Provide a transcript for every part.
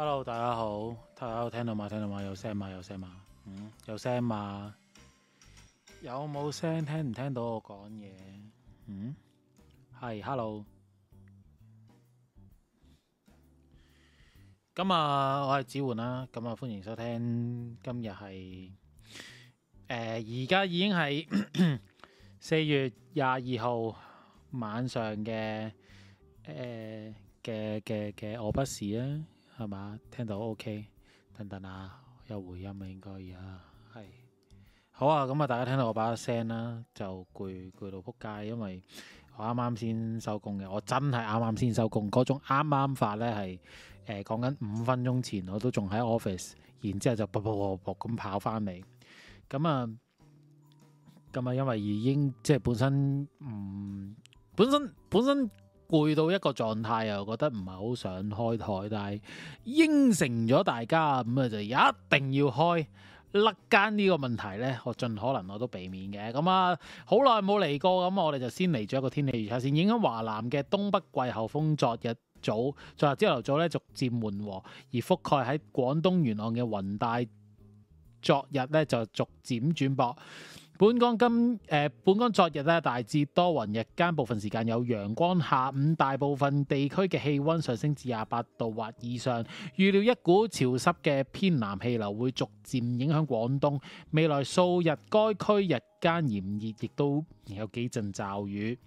hello，大家好，大家有聽到嘛？聽到嘛？有聲嘛？有聲嘛？嗯，有聲嘛？有冇聲？聽唔聽到我講嘢？嗯，係 hello。咁啊，我係子煥啦，咁啊歡迎收聽。今日係誒，而、呃、家已經係四 月廿二號晚上嘅誒嘅嘅嘅，我不士啊。係嘛？聽到 O、OK? K，等等啊，有回音啊，應該啊，係是好啊。咁啊，大家聽到我把聲啦，就攰攰到撲街，因為我啱啱先收工嘅，我真係啱啱先收工。嗰種啱啱發呢，係、呃、誒講緊五分鐘前，我都仲喺 office，然之後就噗噗噗噗咁跑翻嚟。咁啊，咁啊，因為已經即係本身，嗯，本身本身。攰到一個狀態，又覺得唔係好想開台，但係應承咗大家咁啊，就一定要開。甩間呢個問題呢，我盡可能我都避免嘅。咁啊，好耐冇嚟過咁，我哋就先嚟咗一個天氣預測先。影響華南嘅東北季候風，昨日早、昨日朝頭早咧逐漸緩和，而覆蓋喺廣東沿岸嘅雲帶，昨日咧就逐漸轉薄。本港今誒、呃，本港昨日咧大致多雲，日間部分時間有陽光，下午大部分地區嘅氣溫上升至廿八度或以上。預料一股潮濕嘅偏南氣流會逐漸影響廣東，未來數日該區日間炎熱，亦都有幾陣驟雨。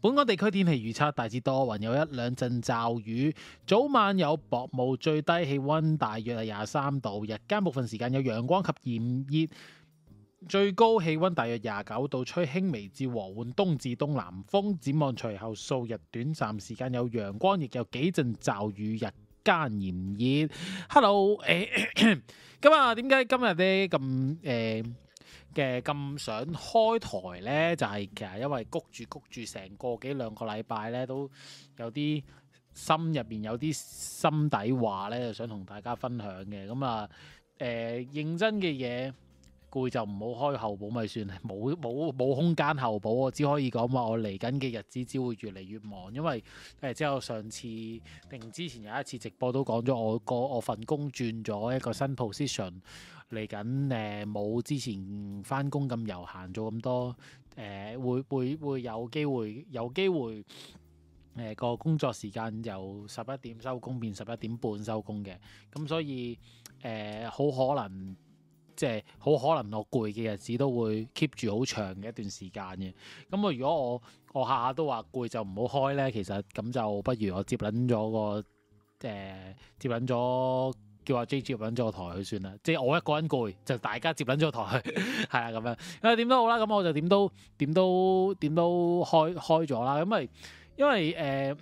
本港地區天氣預測大致多雲，有一兩陣驟雨，早晚有薄霧，最低氣溫大約係廿三度，日間部分時間有陽光及炎熱。最高氣溫大約廿九度，吹輕微至和緩東至東南風。展望隨後數日短暫時間有陽光，亦有幾陣驟雨，日間炎熱。Hello，誒、哎，咁啊，點解、嗯呃嗯、今日咧咁誒嘅咁想開台咧？Oda, kea, 就係其實因為谷住谷住，成個幾兩個禮拜咧，都有啲心入邊有啲心底話咧，想同大家分享嘅。咁啊，誒 Arri，認真嘅嘢。攰就唔好開後補咪算，冇冇冇空間後補，我只可以講話我嚟緊嘅日子只會越嚟越忙，因為誒、呃，即係我上次定之前有一次直播都講咗，我個我份工轉咗一個新 position，嚟緊誒冇之前翻工咁悠閒，做咁多誒、呃，會會會有機會有機會誒個、呃、工作時間由十一點收工變十一點半收工嘅，咁所以誒好、呃、可能。即係好可能我攰嘅日子都會 keep 住好長嘅一段時間嘅。咁我如果我我下下都話攰就唔好開咧，其實咁就不如我接撚咗個誒、呃，接撚咗叫阿 J、G、接撚咗個台去算啦。即係我一個人攰，就大家接撚咗個台，去，係 啊咁樣。誒點都好都都都啦，咁我就點都點都點都開開咗啦。咁咪～因為誒、呃，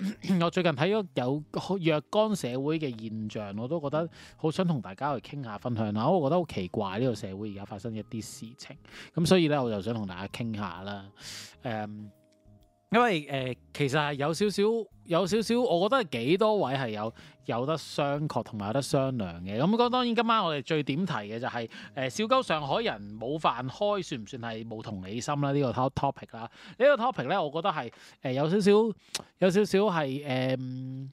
我最近睇咗有若干社會嘅現象，我都覺得好想同大家去傾下分享下。我覺得好奇怪呢、這個社會而家發生一啲事情，咁所以咧我就想同大家傾下啦，誒、呃。.因為誒、呃，其實係有少少，有少少，我覺得係幾多位係有有得商榷，同埋有得商量嘅。咁咁當然，今晚我哋最點題嘅就係、是、誒、呃，小鳩上海人冇飯開，算唔算係冇同理心、這個、topic，啦？呢個 topic 啦，呢個 topic 咧，我覺得係誒有少少，有少少係誒，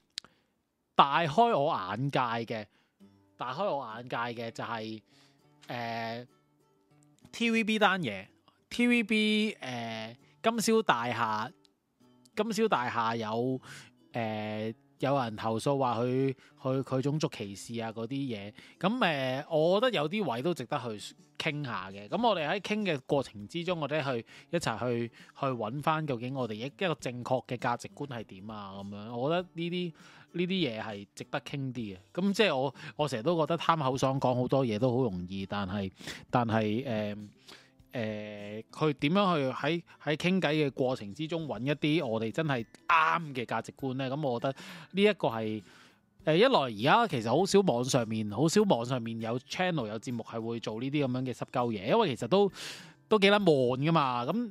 大開我眼界嘅，大開我眼界嘅就係、是、誒、呃，TVB 單嘢，TVB 誒、呃、金宵大廈。金宵大廈有誒、呃、有人投訴話佢佢佢種族歧視啊嗰啲嘢，咁誒、呃、我覺得有啲位都值得去傾下嘅。咁我哋喺傾嘅過程之中，我哋去一齊去去揾翻究竟我哋一一個正確嘅價值觀係點啊，咁樣。我覺得呢啲呢啲嘢係值得傾啲嘅。咁即係我我成日都覺得貪口爽講好多嘢都好容易，但係但係誒。呃誒，佢點樣去喺喺傾偈嘅過程之中揾一啲我哋真係啱嘅價值觀呢？咁我覺得呢一個係誒、呃、一來而家其實好少網上面，好少網上面有 channel 有節目係會做呢啲咁樣嘅濕鳩嘢，因為其實都都幾撚悶噶嘛咁。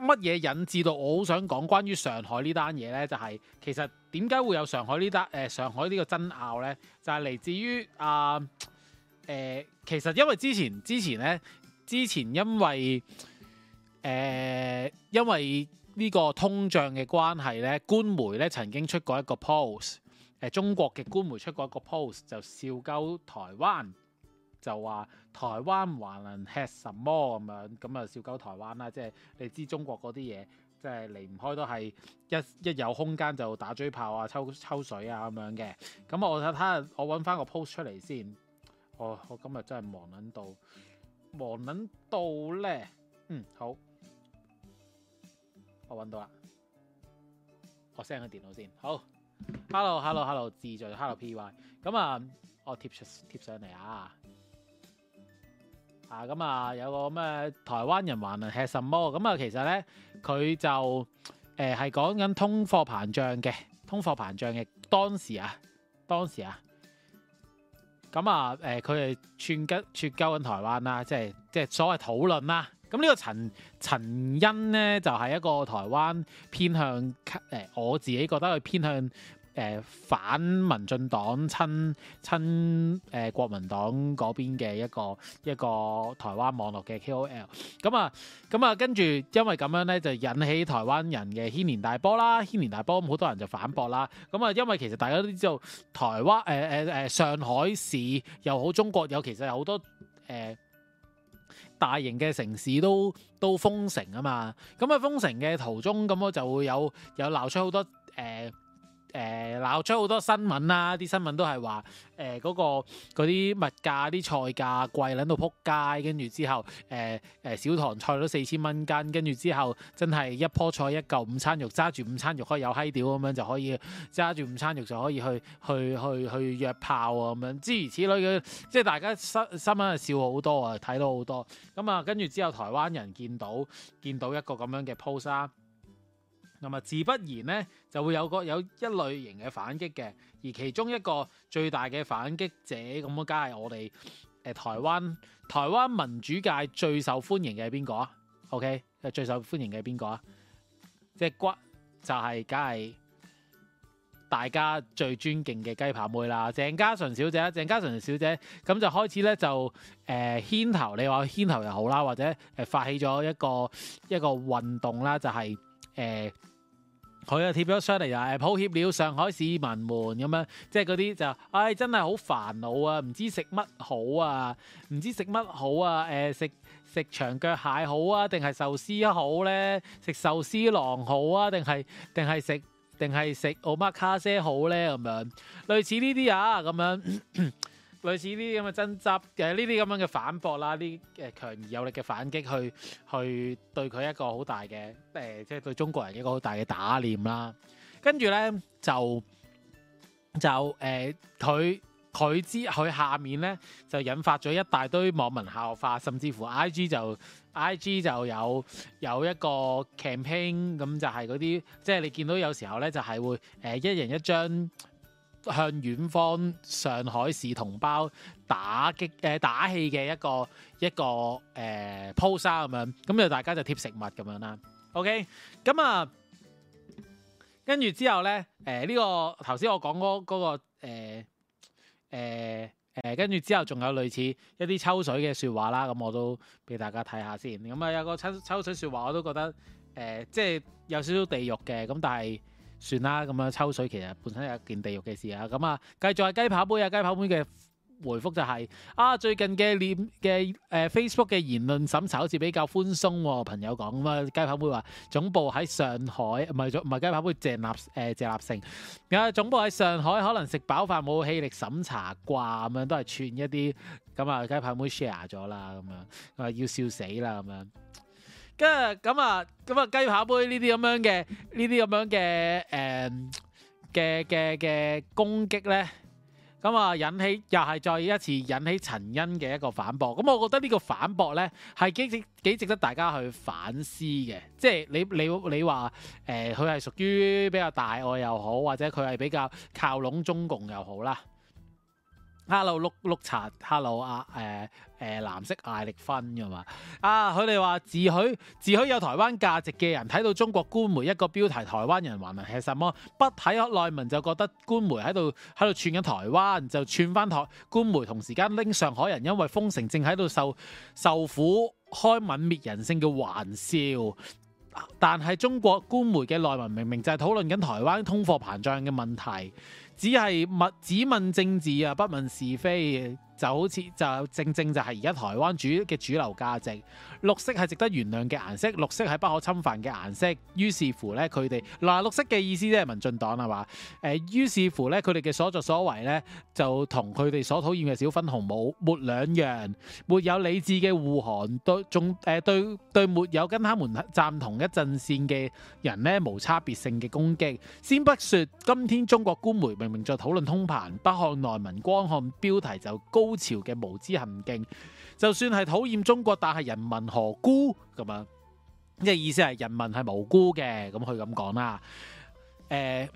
乜嘢引致到我好想講關於上海呢單嘢咧？就係、是、其實點解會有上海呢單誒上海呢個爭拗咧？就係、是、嚟自於啊誒，其實因為之前之前咧，之前因為誒、呃、因為呢個通脹嘅關係咧，官媒咧曾經出過一個 post 誒中國嘅官媒出過一個 post 就笑鳩台灣。就話台灣還能吃什麼？咁樣咁啊，笑鳩台灣啦！即係你知中國嗰啲嘢，即係離唔開都係一一有空間就打嘴炮啊、抽抽水啊咁樣嘅。咁啊，我睇下我揾翻個 post 出嚟先。我我今日真係忙撚到，忙撚到咧。嗯，好，我揾到啦。我 send 個電腦先。好，hello hello hello，自在 hello P Y。咁啊，我貼出貼上嚟啊。啊，咁啊，有個咁嘅台灣人還能吃什麼？咁啊，其實咧佢就誒係講緊通貨膨脹嘅，通貨膨脹嘅當時啊，當時啊，咁、呃、啊，誒佢哋串吉串鳩緊台灣啦，即係即係所謂討論啦。咁呢個陳陳恩咧就係、是、一個台灣偏向誒、呃，我自己覺得佢偏向。誒、呃、反民進黨親親誒、呃、國民黨嗰邊嘅一個一個台灣網絡嘅 K.O.L. 咁啊，咁、嗯、啊、嗯嗯，跟住因為咁樣咧，就引起台灣人嘅軒然大波啦。軒然大波咁，好多人就反駁啦。咁、嗯、啊，因為其實大家都知道台灣誒誒誒上海市又好，中國其有其實有好多誒、呃、大型嘅城市都都封城啊嘛。咁、嗯、啊，封城嘅途中咁，我就會有有鬧出好多誒。呃誒鬧、呃、出好多新聞啦！啲新聞都係話誒嗰個嗰啲物價啲菜價貴撚到撲街，跟住之後誒誒、呃呃、小棠菜都四千蚊斤，跟住之後真係一棵菜一嚿午餐肉，揸住午餐肉可以有閪屌咁樣就可以揸住午餐肉就可以去去去去，去約炮啊咁樣，諸如此類嘅，即係大家新新聞係笑好多啊，睇到好多咁啊，跟、嗯、住之後台灣人見到見到一個咁樣嘅 post 啊！咁啊，自不然咧就會有個有一類型嘅反擊嘅，而其中一個最大嘅反擊者咁啊，梗係我哋誒、呃、台灣台灣民主界最受歡迎嘅係邊個啊？OK，最受歡迎嘅係邊個啊？即係骨就係梗係大家最尊敬嘅雞扒妹啦，鄭家純小姐，鄭家純小姐咁就開始咧就誒牽、呃、頭，你話牽頭又好啦，或者誒發起咗一個一個運動啦，就係、是、誒。呃佢又、嗯、貼咗出嚟誒抱歉了上海市民們咁樣，即係嗰啲就，唉真係好煩惱啊，唔知食乜好啊，唔知食乜好啊，誒食食長腳蟹好啊，定係壽司好咧？食壽司郎好啊，定係定係食定係食奧馬卡西好咧？咁樣類似呢啲啊咁樣。咳咳類似呢啲咁嘅爭執嘅呢啲咁樣嘅反駁啦，啲誒強而有力嘅反擊去，去去對佢一個好大嘅誒，即、呃、係、就是、對中國人一個好大嘅打臉啦。跟住咧就就誒，佢、呃、佢之佢下面咧就引發咗一大堆網民效法，甚至乎 IG 就 IG 就有有一個 campaign，咁就係嗰啲即係你見到有時候咧就係會誒一人一張。向遠方上海市同胞打擊誒打氣嘅一個一個誒 pose 咁樣，咁就大家就貼食物咁樣啦。OK，咁啊，跟住之後咧，誒、呃、呢、這個頭先我講嗰嗰個誒、呃呃、跟住之後仲有類似一啲抽水嘅説話啦。咁我都俾大家睇下先。咁啊，有個抽抽水説話我都覺得誒、呃，即係有少少地獄嘅咁，但係。算啦，咁樣抽水其實本身係一件地獄嘅事啊！咁、嗯、啊，繼續係雞跑妹啊，雞跑妹嘅回覆就係、是、啊，最近嘅臉嘅誒、呃、Facebook 嘅言論審查好似比較寬鬆喎，朋友講咁啊，雞跑妹話總部喺上海，唔係唔係雞跑妹鄭立誒鄭、呃、立成啊，總部喺上海，可能食飽飯冇氣力審查啩，咁樣都係串一啲咁啊，雞跑妹 share 咗啦，咁樣啊要笑死啦咁樣。嗯跟住咁啊，咁啊、嗯嗯、雞扒杯呢啲咁樣嘅，呢啲咁樣嘅誒嘅嘅嘅攻擊咧，咁、嗯、啊、嗯、引起又係再一次引起陳恩嘅一個反駁。咁、嗯、我覺得呢個反駁咧係幾值幾值得大家去反思嘅。即係你你你話誒，佢、呃、係屬於比較大愛又好，或者佢係比較靠攏中共又好啦。hello 綠綠茶，hello 阿誒誒藍色艾力芬嘅嘛啊！佢哋話自許自許有台灣價值嘅人睇到中國官媒一個標題，台灣人還能吃什麼？不睇內文就覺得官媒喺度喺度串緊台灣，就串返台官媒同時間拎上海人，因為封城正喺度受受苦，開泯滅人性嘅玩笑。但係中國官媒嘅內文明明就係討論緊台灣通貨膨脹嘅問題。只係問，只問政治，不問是非。就好似就正正就係而家台灣主嘅主流價值，綠色係值得原諒嘅顏色，綠色係不可侵犯嘅顏色。於是乎咧，佢哋嗱綠色嘅意思即係民進黨係嘛？誒於、呃、是乎咧，佢哋嘅所作所為咧，就同佢哋所討厭嘅小粉紅冇沒兩樣，沒有理智嘅護航對仲誒、呃、對對沒有跟他們站同一陣線嘅人咧，無差別性嘅攻擊，先不說今天中國官媒明明明在討論通膨，不看內文，光看標題就高高潮嘅無知行徑，就算係討厭中國，但係人民何辜咁樣？即係意思係人民係無辜嘅，咁佢咁講啦。誒、呃，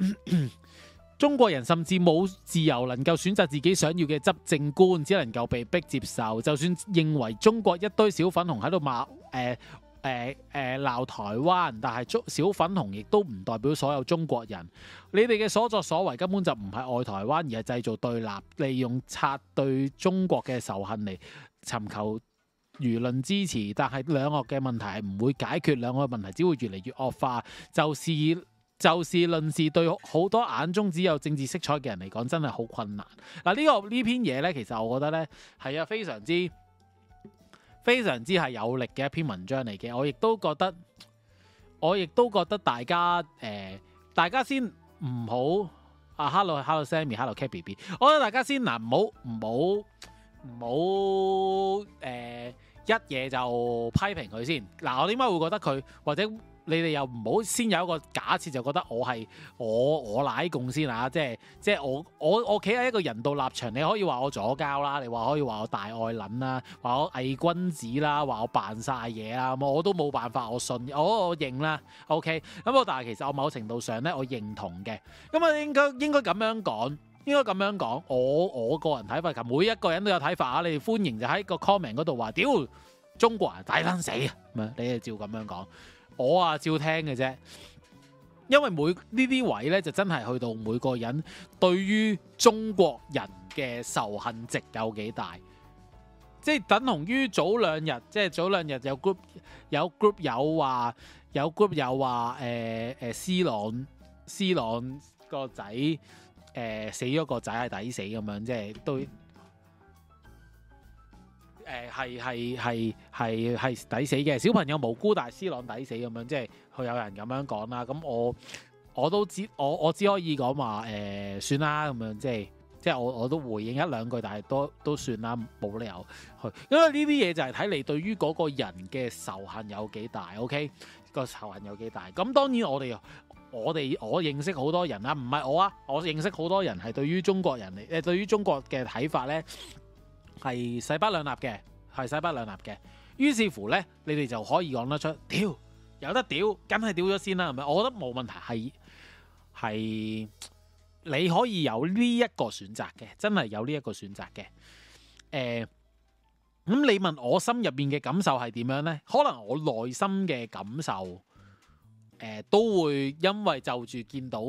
中國人甚至冇自由，能夠選擇自己想要嘅執政官，只能夠被逼接受。就算認為中國一堆小粉紅喺度罵，誒、呃。誒誒鬧台灣，但係中小粉紅亦都唔代表所有中國人。你哋嘅所作所為根本就唔係愛台灣，而係製造對立，利用拆對中國嘅仇恨嚟尋求輿論支持。但係兩岸嘅問題係唔會解決，兩岸嘅問題只會越嚟越惡化。就事、是、就事、是、論事，對好多眼中只有政治色彩嘅人嚟講，真係好困難。嗱、啊、呢、呢個呢篇嘢呢，其實我覺得呢係啊，非常之。非常之係有力嘅一篇文章嚟嘅，我亦都覺得，我亦都覺得大家誒、呃，大家先唔好啊，hello hello Sammy hello Cat B B，我覺得大家先嗱，唔好唔好唔好誒。一嘢就批評佢先，嗱、啊、我點解會覺得佢，或者你哋又唔好先有一個假設就覺得我係我我奶共先嚇、啊，即係即係我我我企喺一個人道立場，你可以話我左膠啦，你話可以話我大愛撚啦，話我偽君子啦，話我扮晒嘢啦，我都冇辦法，我信我我認啦，OK，咁我。但係其實我某程度上咧，我認同嘅，咁啊應該應該咁樣講。應該咁樣講，我我個人睇法，每一個人都有睇法啊！你哋歡迎就喺個 comment 嗰度話屌中國人抵撚死啊！你哋照咁樣講，我啊照聽嘅啫。因為每呢啲位呢，就真係去到每個人對於中國人嘅仇恨值有幾大，即係等同於早兩日，即係早兩日有 group 有 group 有話，有 group 有話，誒誒，C 朗 C 朗個仔。誒、呃，死咗個仔係抵死咁樣，即係對，誒係係係係係抵死嘅。小朋友無辜，但私囊抵死咁樣，即係佢有人咁樣講啦。咁我我都知，我我只可以講話，誒、呃，算啦咁樣，即係即係我我都回應一兩句，但係都都算啦，冇理由去，因為呢啲嘢就係睇你對於嗰個人嘅仇恨有幾大，OK？個仇恨有幾大？咁當然我哋又。我哋我認識好多人啦，唔係我啊，我認識好多人係對於中國人嚟，誒，對於中國嘅睇法，咧係勢不兩立嘅，係勢不兩立嘅。於是乎咧，你哋就可以講得出，屌有得屌，梗係屌咗先啦，係咪？我覺得冇問題，係，係你可以有呢一個選擇嘅，真係有呢一個選擇嘅。誒、呃，咁你問我心入邊嘅感受係點樣咧？可能我內心嘅感受。誒、呃、都會因為就住見到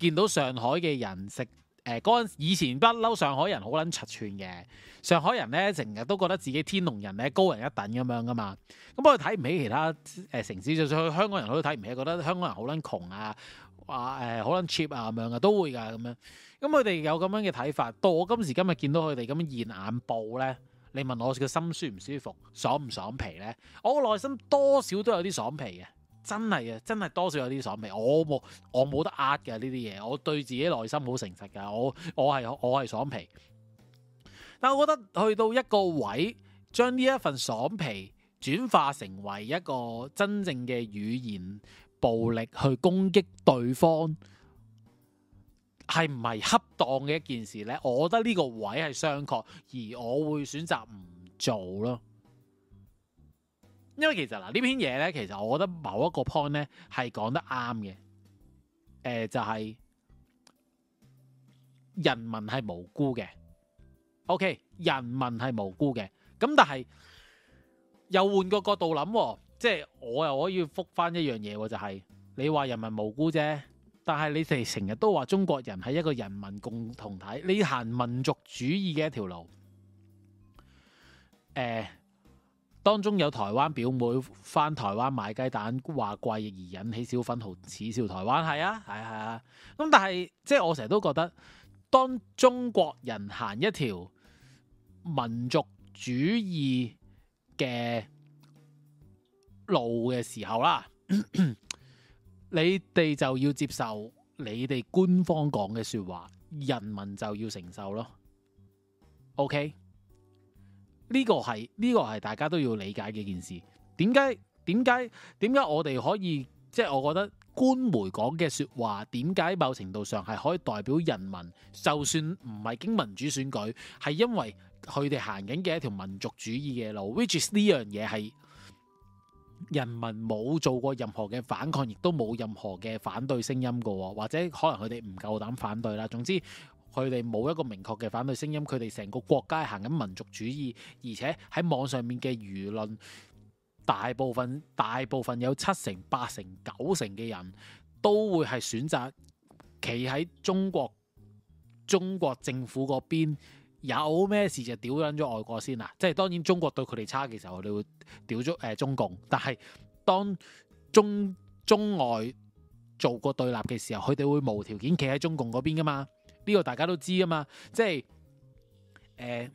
見到上海嘅人食誒嗰陣，以前不嬲上海人好撚闌寸嘅，上海人咧成日都覺得自己天龍人咧，高人一等咁樣噶嘛，咁佢睇唔起其他誒城市，就算去香港人都睇唔起，覺得香港人好撚窮啊，話誒好撚 cheap 啊，咁樣嘅都會㗎咁樣，咁佢哋有咁樣嘅睇法，到我今時今日見到佢哋咁樣現眼報咧，你問我個心舒唔舒服，爽唔爽皮咧，我內心多少都有啲爽皮嘅。真係啊，真係多少有啲爽皮，我冇我冇得呃嘅呢啲嘢，我對自己內心好誠實嘅，我我係我係爽皮。但我覺得去到一個位，將呢一份爽皮轉化成為一個真正嘅語言暴力去攻擊對方，係唔係恰當嘅一件事呢？我覺得呢個位係商榷，而我會選擇唔做咯。因為其實嗱呢篇嘢呢，其實我覺得某一個 point 呢係講得啱嘅，誒、呃、就係、是、人民係無辜嘅，OK，人民係無辜嘅，咁但係又換個角度諗、哦，即、就、係、是、我又可以覆翻一樣嘢、哦，就係、是、你話人民無辜啫，但係你哋成日都話中國人係一個人民共同體，你行民族主義嘅一條路，誒、呃。當中有台灣表妹返台灣買雞蛋話貴，怪異而引起小粉紅恥笑台灣，係啊，係啊，係啊。咁、啊、但係即係我成日都覺得，當中國人行一條民族主義嘅路嘅時候啦，你哋就要接受你哋官方講嘅説話，人民就要承受咯。OK。呢個係呢、這個係大家都要理解嘅一件事。點解，點解，點解我哋可以即係、就是、我覺得官媒講嘅説話，點解某程度上係可以代表人民？就算唔係經民主選舉，係因為佢哋行緊嘅一條民族主義嘅路，which is 呢樣嘢係人民冇做過任何嘅反抗，亦都冇任何嘅反對聲音嘅，或者可能佢哋唔夠膽反對啦。總之。佢哋冇一個明確嘅反對聲音，佢哋成個國家行緊民族主義，而且喺網上面嘅輿論，大部分大部分有七成、八成、九成嘅人都會係選擇企喺中國中國政府嗰邊，有咩事就屌捻咗外國先啊！即係當然中國對佢哋差嘅時候，我哋會屌咗誒中共，但係當中中外做過對立嘅時候，佢哋會無條件企喺中共嗰邊噶嘛。呢個大家都知㗎嘛，即係誒、呃，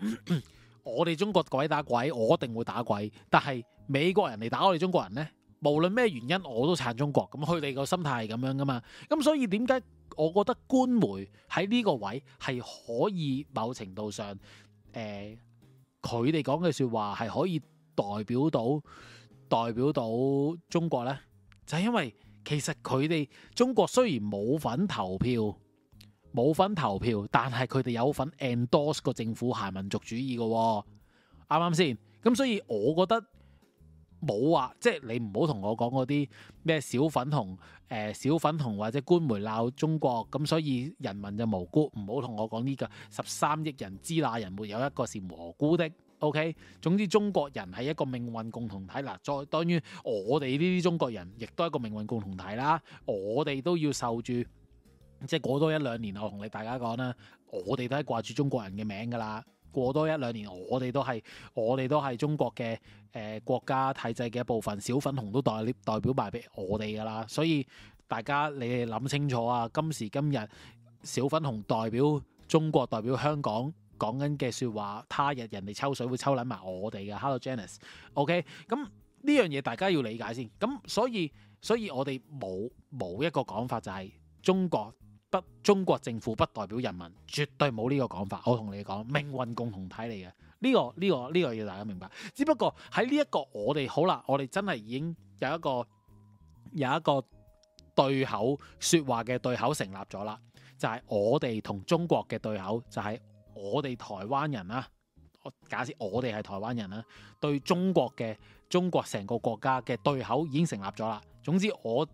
我哋中國鬼打鬼，我一定會打鬼。但係美國人嚟打我哋中國人呢，無論咩原因，我都撐中國。咁佢哋個心態係咁樣㗎嘛。咁所以點解我覺得官媒喺呢個位係可以某程度上誒，佢哋講嘅説話係可以代表到代表到中國呢？就係、是、因為其實佢哋中國雖然冇份投票。冇份投票，但係佢哋有份 endorse 個政府行民族主義嘅喎、哦，啱啱先？咁所以我覺得冇話、啊，即係你唔好同我講嗰啲咩小粉紅、誒、呃、小粉紅或者官媒鬧中國，咁所以人民就無辜。唔好同我講呢個十三億人支那人沒有一個是無辜的。OK，總之中國人係一個命運共同體嗱，再等於我哋呢啲中國人亦都係一個命運共同體啦，我哋都要受住。即係過多一兩年，我同你大家講啦，我哋都係掛住中國人嘅名㗎喇。過多一兩年，我哋都係我哋都係中國嘅誒國家體制嘅一部分。小粉紅都代代表埋畀我哋㗎喇，所以大家你哋諗清楚啊！今時今日，小粉紅代表中國，代表香港講緊嘅説話，他日人哋抽水會抽撚埋我哋㗎。Hello Janice，OK？咁呢樣嘢大家要理解先。咁所以所以，我哋冇冇一個講法就係中國。不，中國政府不代表人民，絕對冇呢個講法。我同你講，命運共同體嚟嘅，呢個呢個呢個要大家明白。只不過喺呢一個我哋好啦，我哋真係已經有一個有一個對口説話嘅對口成立咗啦，就係我哋同中國嘅對口，就係我哋台灣人啦。假設我哋係台灣人啦，對中國嘅中國成個國家嘅對口已經成立咗啦。總之我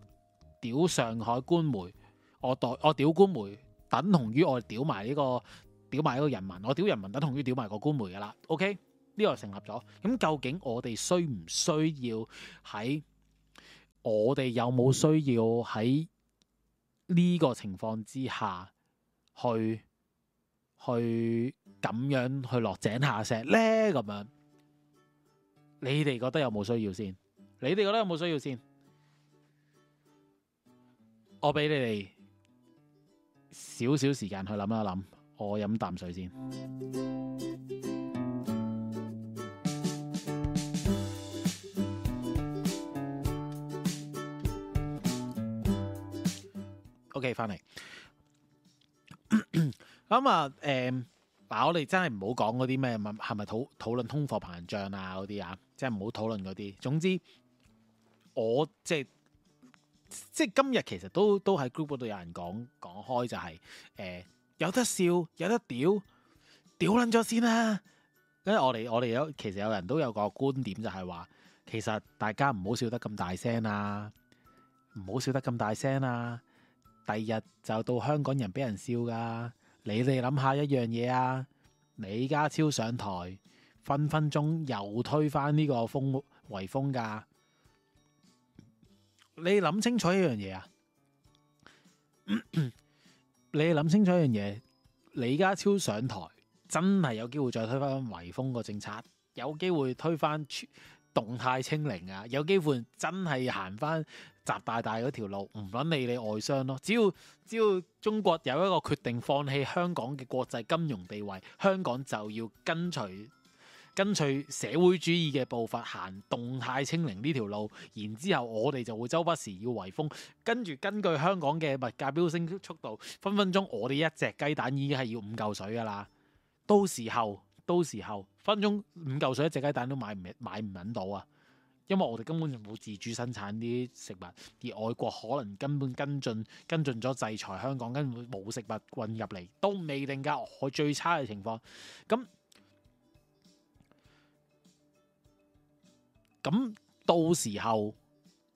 屌上海官媒。我代我屌官媒等同於我屌埋呢個屌埋呢個人民，我屌人民等同於屌埋個官媒㗎喇。OK，呢個成立咗。咁究竟我哋需唔需要喺我哋有冇需要喺呢個情況之下去去咁樣去落井下石咧？咁樣你哋覺得有冇需要先？你哋覺得有冇需要先？我俾你哋。少少時間去諗一諗，我飲啖水先。OK，翻嚟。咁啊，誒 嗱、呃，我哋真係唔好講嗰啲咩問，係咪討討論通貨膨脹啊？嗰啲啊，即係唔好討論嗰啲。總之，我即係。即係今日，其實都都喺 group 度有人講講開，就是，就係誒有得笑有得屌屌捻咗先啦，啊。因為我哋我哋有其實有人都有個觀點就，就係話其實大家唔好笑得咁大聲啦，啊，唔好笑得咁大聲啦，啊。第二日就到香港人俾人笑噶。你哋諗下一樣嘢啊，李家超上台分分鐘又推翻呢個圍封噶。封封你諗清楚一樣嘢啊！你諗清楚一樣嘢，李家超上台真係有機會再推翻圍封個政策，有機會推翻動態清零啊！有機會真係行翻習大大嗰條路，唔諗理你外商咯。只要只要中國有一個決定放棄香港嘅國際金融地位，香港就要跟隨。跟隨社會主義嘅步伐行動態清零呢條路，然之後我哋就會周不時要圍封，跟住根據香港嘅物價飆升速度，分分鐘我哋一隻雞蛋已經係要五嚿水噶啦。到時候，到時候分分鐘五嚿水一隻雞蛋都買唔買唔到啊！因為我哋根本就冇自主生產啲食物，而外國可能根本跟進跟進咗制裁香港，根本冇食物運入嚟，都未定價。我最差嘅情況咁。咁到時候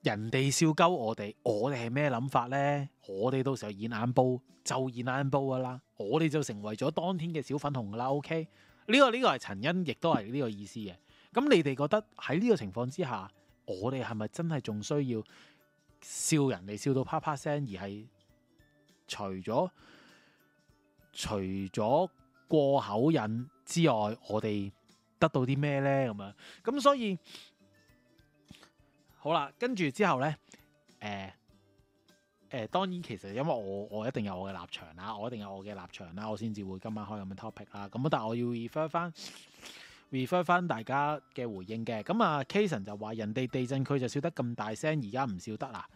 人哋笑鳩我哋，我哋係咩諗法呢？我哋到時候演眼煲，就演眼煲噶啦，我哋就成為咗當天嘅小粉紅噶啦。OK，呢個呢個係陳欣，亦都係呢個意思嘅。咁你哋覺得喺呢個情況之下，我哋係咪真係仲需要笑人哋笑到啪啪聲，而係除咗除咗過口癮之外，我哋得到啲咩呢？咁啊，咁所以。好啦，跟住之後呢，誒、呃、誒、呃，當然其實因為我我一定有我嘅立場啦，我一定有我嘅立場啦，我先至會今晚開咁嘅 topic 啦。咁但係我要 refer 翻 refer 翻大家嘅回應嘅。咁、嗯、啊，Kason 就話人哋地震佢就笑得咁大聲，而家唔笑得啦，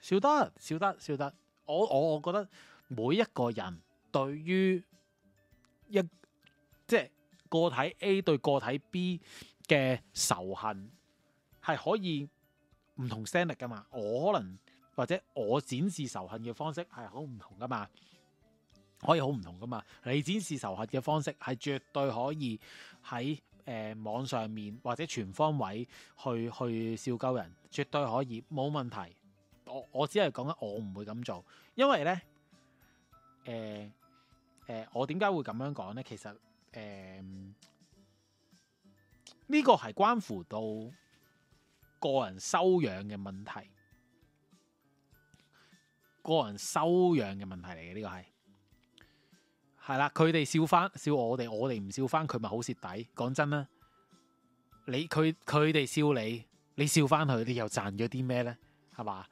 笑得笑得笑得，笑得。我我我覺得每一個人對於一即係個體 A 對個體 B 嘅仇恨係可以。唔同聲力噶嘛，我可能或者我展示仇恨嘅方式係好唔同噶嘛，可以好唔同噶嘛。你展示仇恨嘅方式係絕對可以喺誒、呃、網上面或者全方位去去笑鳩人，絕對可以冇問題。我我只係講緊我唔會咁做，因為咧誒誒，我點解會咁樣講咧？其實誒呢、呃呢個係關乎到。個人修養嘅問題，這個、個人修養嘅問題嚟嘅呢個係，係啦，佢哋笑翻笑我哋，我哋唔笑翻佢咪好蝕底。講真啦，你佢佢哋笑你，你笑翻佢，你又賺咗啲咩呢？係嘛，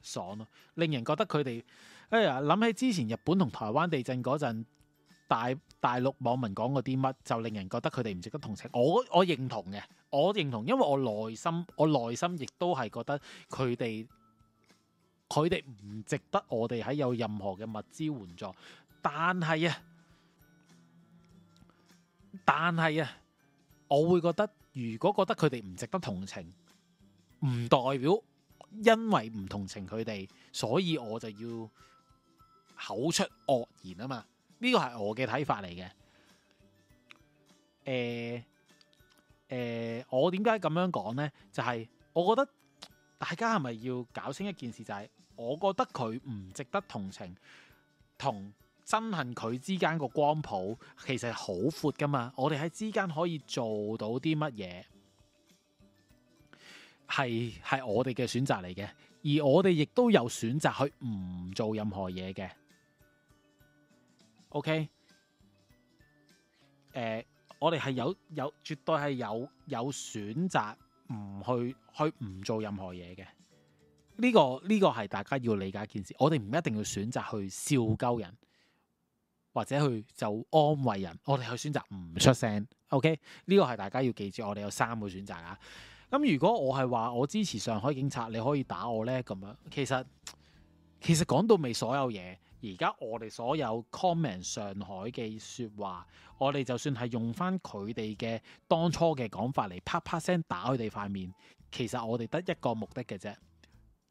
爽咯、啊，令人覺得佢哋，哎呀，諗起之前日本同台灣地震嗰陣。大大陸網民講過啲乜，就令人覺得佢哋唔值得同情。我我認同嘅，我認同，因為我內心我內心亦都係覺得佢哋佢哋唔值得我哋喺有任何嘅物資援助。但係啊，但係啊，我會覺得如果覺得佢哋唔值得同情，唔代表因為唔同情佢哋，所以我就要口出惡言啊嘛。呢個係我嘅睇法嚟嘅，誒、欸、誒、欸，我點解咁樣講呢？就係、是、我覺得大家係咪要搞清一件事？就係、是、我覺得佢唔值得同情，同憎恨佢之間個光譜其實好闊噶嘛。我哋喺之間可以做到啲乜嘢？係係我哋嘅選擇嚟嘅，而我哋亦都有選擇去唔做任何嘢嘅。O K，誒，我哋係有有絕對係有有選擇唔去去唔做任何嘢嘅，呢個呢個係大家要理解一件事。我哋唔一定要選擇去笑鳩人，或者去就安慰人。我哋去選擇唔出聲。O K，呢個係大家要記住。我哋有三個選擇啊。咁、嗯、如果我係話我支持上海警察，你可以打我呢？咁樣其實其實講到未所有嘢。而家我哋所有 comment 上海嘅説話，我哋就算係用翻佢哋嘅當初嘅講法嚟啪啪聲打佢哋塊面，其實我哋得一個目的嘅啫，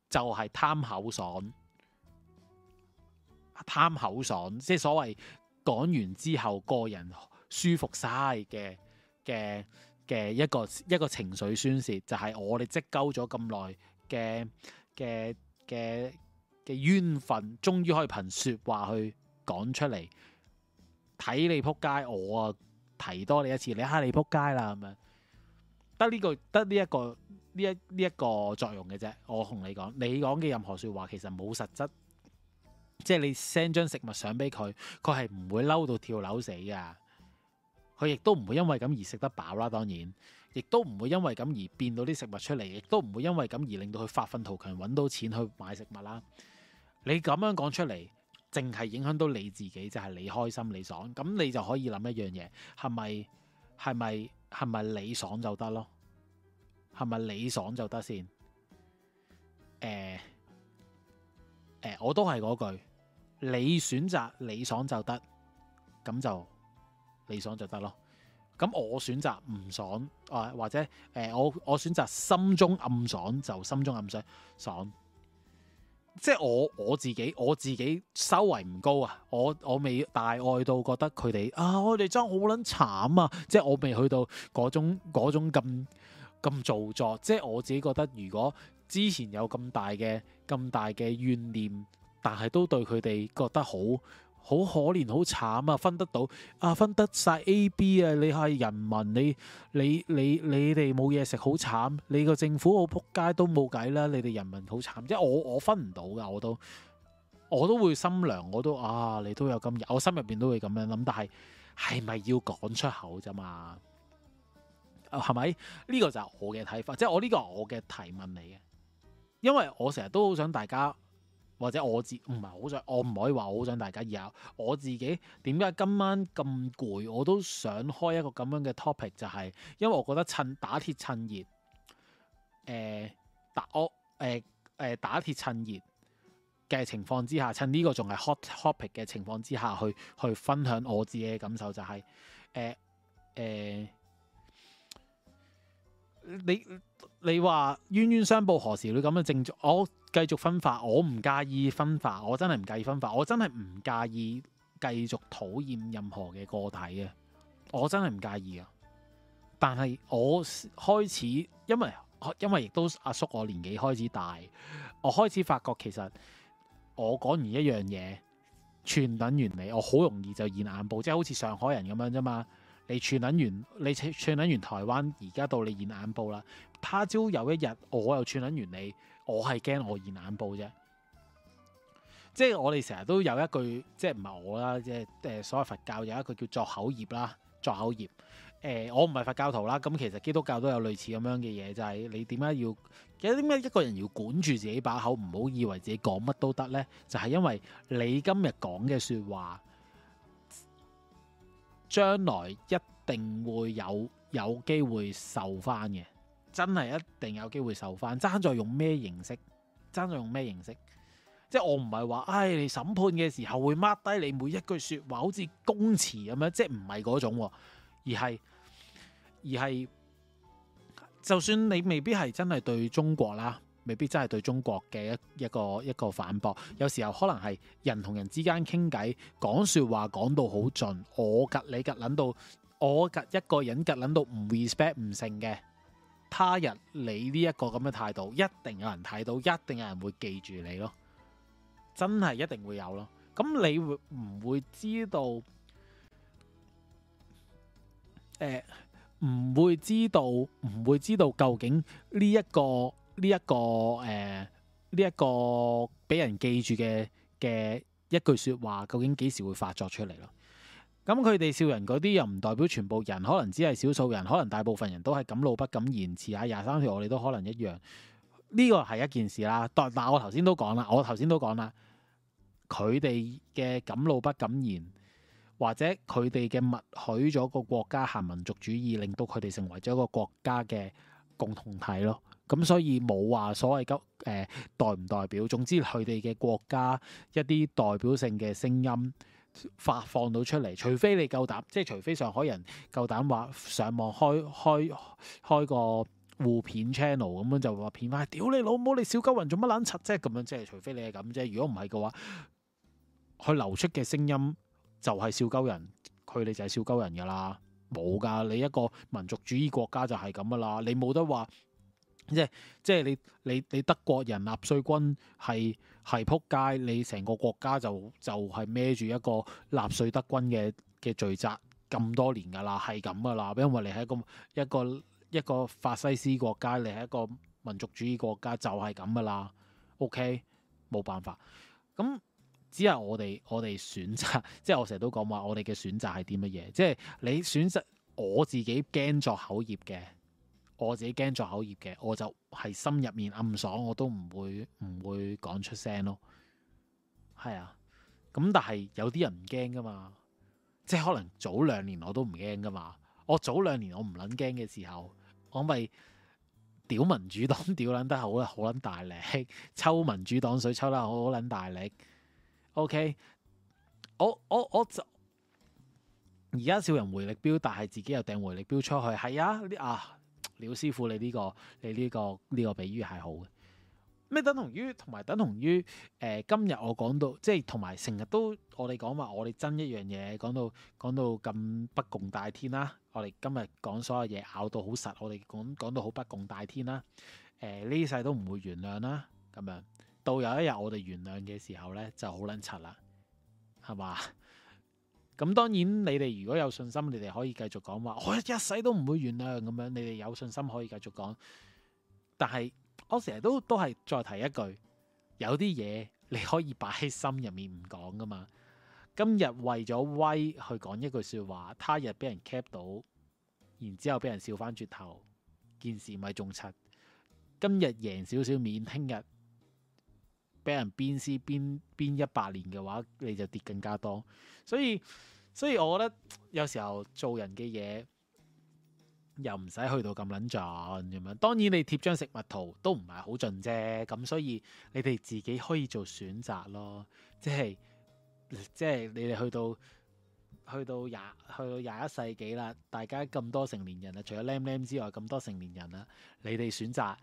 就係貪口爽，貪口爽，即係所謂講完之後個人舒服晒嘅嘅嘅一個一個情緒宣泄，就係我哋積鳩咗咁耐嘅嘅嘅。嘅冤憤，終於可以憑説話去講出嚟，睇你仆街，我啊提多你一次，你嚇你仆街啦咁樣，得呢個得呢一個呢一呢一個作用嘅啫。我同你講，你講嘅任何説話其實冇實質，即係你 send 張食物相俾佢，佢係唔會嬲到跳樓死噶，佢亦都唔會因為咁而食得飽啦。當然，亦都唔會因為咁而變到啲食物出嚟，亦都唔會因為咁而令到佢發奮圖強揾到錢去買食物啦。你咁樣講出嚟，淨係影響到你自己，就係、是、你開心、你爽，咁你就可以諗一樣嘢，係咪係咪係咪你爽就得咯？係咪你爽就得先？誒、欸、誒、欸，我都係嗰句，你選擇你爽就得，咁就你爽就得咯。咁我選擇唔爽，啊或者誒、欸、我我選擇心中暗爽就心中暗想。爽。即係我我自己我自己修為唔高啊！我我未大愛到覺得佢哋啊，我哋真係好捻慘啊！即係我未去到嗰種嗰種咁咁做作。即係我自己覺得，如果之前有咁大嘅咁大嘅怨念，但係都對佢哋覺得好。好可憐，好慘啊！分得到啊，分得晒 A、B 啊！你係人民，你你你你哋冇嘢食，好慘！你個政府好撲街都冇計啦！你哋人民好慘，即係我我分唔到噶，我都我都會心涼，我都啊，你都有咁，我心入邊都會咁樣諗，但係係咪要講出口啫嘛？啊，係咪呢個就係我嘅睇法，即係我呢個我嘅提問嚟嘅，因為我成日都好想大家。或者我自唔係好想，我唔可以話好想大家以後、嗯、我自己點解今晚咁攰，我都想開一個咁樣嘅 topic，就係、是、因為我覺得趁打鐵趁熱，誒、呃、打我誒誒打鐵趁熱嘅情況之下，趁呢個仲係 hot topic 嘅情況之下，去去分享我自己嘅感受、就是，就係誒誒你你話冤冤相報何時了咁嘅症狀，我、哦。繼續分化，我唔介意分化，我真係唔介意分化，我真係唔介意繼續討厭任何嘅個體嘅，我真係唔介意啊！但係我開始，因為因為亦都阿叔，叔我年紀開始大，我開始發覺其實我講完一樣嘢，串等完你，我好容易就演眼部，即係好似上海人咁樣啫嘛。你串等完，你串串等完台灣，而家到你演眼部啦。他朝有一日，我又串等完你。我係驚我現眼報啫，即係我哋成日都有一句，即係唔係我啦，即係所謂佛教有一句叫作口業啦，作口業。誒、呃，我唔係佛教徒啦，咁其實基督教都有類似咁樣嘅嘢，就係、是、你點解要，有啲解一個人要管住自己把口，唔好以為自己講乜都得呢？就係、是、因為你今日講嘅說話，將來一定會有有機會受返嘅。真係一定有機會受返，爭在用咩形式，爭在用咩形式？即係我唔係話，唉，你審判嘅時候會 mark 低你每一句説話，好似供詞咁樣，即係唔係嗰種，而係而係就算你未必係真係對中國啦，未必真係對中國嘅一一個一個反駁。有時候可能係人同人之間傾偈講説話講到好盡，我夾你夾諗到，我夾一個人夾諗到唔 respect 唔成嘅。他日你呢一個咁嘅態度，一定有人睇到，一定有人會記住你咯，真係一定會有咯。咁你會唔會知道？誒、呃，唔會知道，唔會知道究竟呢、這、一個呢一、這個誒呢一個俾人記住嘅嘅一句說話，究竟幾時會發作出嚟咯？咁佢哋笑人嗰啲又唔代表全部人，可能只係少數人，可能大部分人都係敢怒不敢言。遲下廿三條，我哋都可能一樣。呢個係一件事啦。但但我頭先都講啦，我頭先都講啦，佢哋嘅敢怒不敢言，或者佢哋嘅默許咗個國家行民族主義，令到佢哋成為咗一個國家嘅共同體咯。咁所以冇話所謂嘅誒代唔代表。總之佢哋嘅國家一啲代表性嘅聲音。發放到出嚟，除非你夠膽，即係除非上海人夠膽話上網開開開個互片 channel 咁樣就話片返，屌你老母你小鳩人做乜撚柒啫咁樣，即係除非你係咁啫，如果唔係嘅話，佢流出嘅聲音就係小鳩人，佢哋就係小鳩人噶啦，冇噶，你一個民族主義國家就係咁噶啦，你冇得話。即係即係你你你德國人納粹軍係係仆街，你成個國家就就係孭住一個納粹德軍嘅嘅罪責，咁多年噶啦，係咁噶啦，因為你係一個一個一個法西斯國家，你係一個民族主義國家，就係咁噶啦。OK，冇辦法。咁只係我哋我哋選擇，即係我成日都講話，我哋嘅選擇係啲乜嘢？即係你選擇我自己驚作口業嘅。我自己驚做口業嘅，我就係心入面暗爽，我都唔會唔會講出聲咯。係啊，咁但係有啲人唔驚噶嘛，即係可能早兩年我都唔驚噶嘛。我早兩年我唔撚驚嘅時候，我咪屌民主黨屌撚得好好撚大力，抽民主黨水抽得好撚大力。OK，我我我就而家少人回力標，但係自己又掟回力標出去。係啊，啲啊～廖師傅，你呢個你呢個呢個比喻係好嘅，咩等同於同埋等同於誒今日我講到即係同埋成日都我哋講話，我哋爭一樣嘢，講到講到咁不共戴天啦。我哋今日講所有嘢咬到好實，我哋講講到好不共戴天啦。誒呢世都唔會原諒啦，咁樣到有一日我哋原諒嘅時候咧，就好撚柒啦，係嘛？咁當然，你哋如果有信心，你哋可以繼續講話，我一世都唔會原諒咁樣。你哋有信心可以繼續講，但係我成日都都係再提一句，有啲嘢你可以擺喺心入面唔講㗎嘛。今日為咗威去講一句説話，他日俾人 cap 到，然之後俾人笑返轉頭，件事咪仲柒。今日贏少少面，聽日，俾人鞭屍鞭鞭一百年嘅話，你就跌更加多。所以，所以我覺得有時候做人嘅嘢又唔使去到咁撚盡咁樣。當然你貼張食物圖都唔係好盡啫。咁所以你哋自己可以做選擇咯。即係即係你哋去到去到廿去到廿一世紀啦，大家咁多成年人啊，除咗靚靚之外，咁多成年人啊，你哋選擇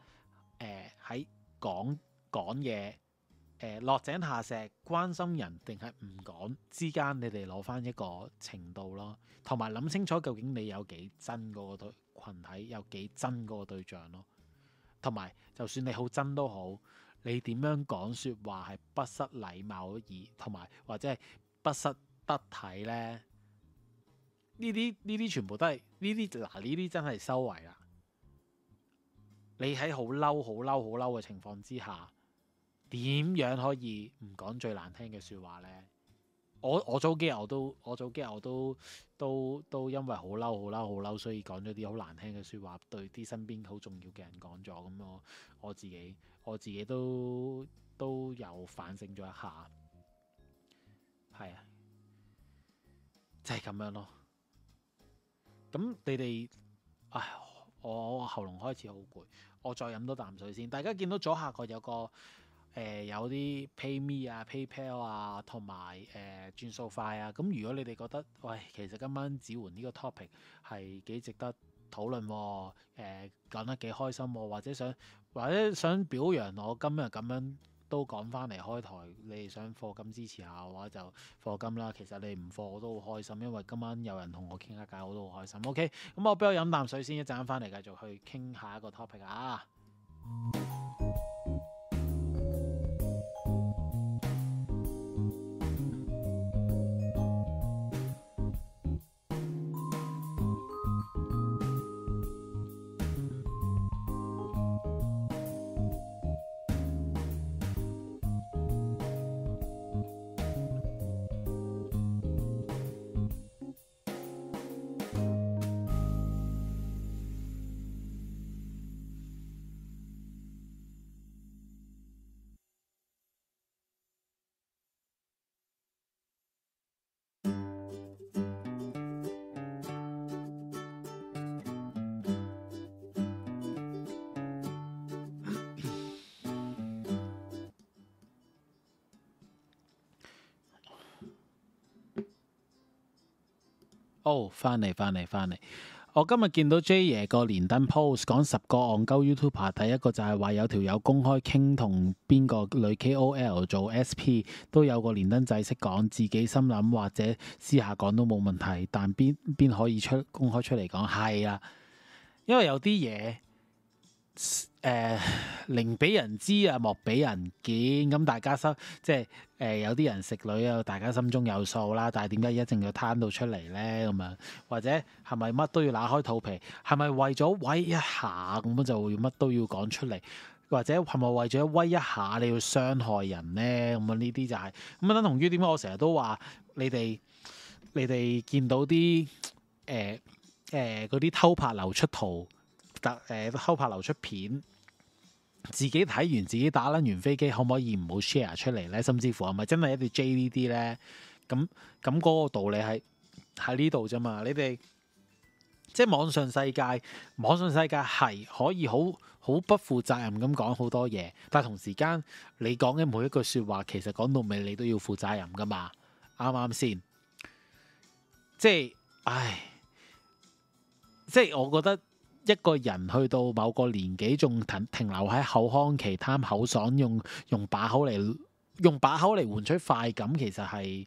誒喺、呃、講講嘢。呃、落井下石，關心人定係唔講之間，你哋攞翻一個程度咯，同埋諗清楚究竟你有幾真嗰個羣體，有幾真嗰個對象咯，同埋就算你好真都好，你點樣講説話係不失禮貌而同埋或者係不失得體咧？呢啲呢啲全部都係呢啲嗱呢啲真係修為啦！你喺好嬲好嬲好嬲嘅情況之下。點樣可以唔講最難聽嘅説話呢？我我做 g u 我都我做 g u 我都都都因為好嬲好嬲好嬲，所以講咗啲好難聽嘅説話，對啲身邊好重要嘅人講咗，咁我我自己我自己都都有反省咗一下，係啊，就係、是、咁樣咯。咁你哋唉我，我喉嚨開始好攰，我再飲多啖水先。大家見到左下角有個。誒、呃、有啲 PayMe 啊、PayPal 啊，同埋誒轉數快啊。咁如果你哋覺得，喂，其實今晚指環呢個 topic 係幾值得討論喎、啊。誒、呃、講得幾開心喎、啊，或者想，或者想表揚我今日咁樣都趕翻嚟開台，你哋想課金支持下嘅話就課金啦。其實你唔課我都好開心，因為今晚有人同我傾下偈我都好開心。OK，咁我俾我飲啖水先，一陣翻嚟繼續去傾下一個 topic 啊。哦，翻嚟翻嚟翻嚟！我今日見到 J 爺個連登 post 講十個戇鳩 YouTuber，第一個就係話有條友公開傾同邊個女 KOL 做 SP，都有個連登仔識講自己心諗或者私下講都冇問題，但邊邊可以出公開出嚟講？係啊，因為有啲嘢。誒，寧俾、呃、人知啊，莫俾人見。咁大家心即係誒、呃，有啲人食女啊，大家心中有數啦。但係點解一定要攤到出嚟呢？咁樣或者係咪乜都要揦開肚皮？係咪為咗威一下咁樣？就要乜都要講出嚟？或者係咪為咗威一下你要傷害人呢？咁樣？呢啲就係咁啊，等同於點解？我成日都話你哋，你哋見到啲誒誒嗰啲偷拍流出圖。但呃、偷拍流出片，自己睇完自己打撚完飛機，可唔可以唔好 share 出嚟呢？甚至乎係咪真係一啲 J 呢啲呢？咁咁嗰個道理係喺呢度啫嘛。你哋即係網上世界，網上世界係可以好好不負責任咁講好多嘢，但同時間你講嘅每一句説話，其實講到尾你都要負責任噶嘛。啱唔啱先？即係，唉，即係我覺得。一個人去到某個年紀，仲停停留喺口腔期貪口爽，用用把口嚟，用把口嚟換取快感，其實係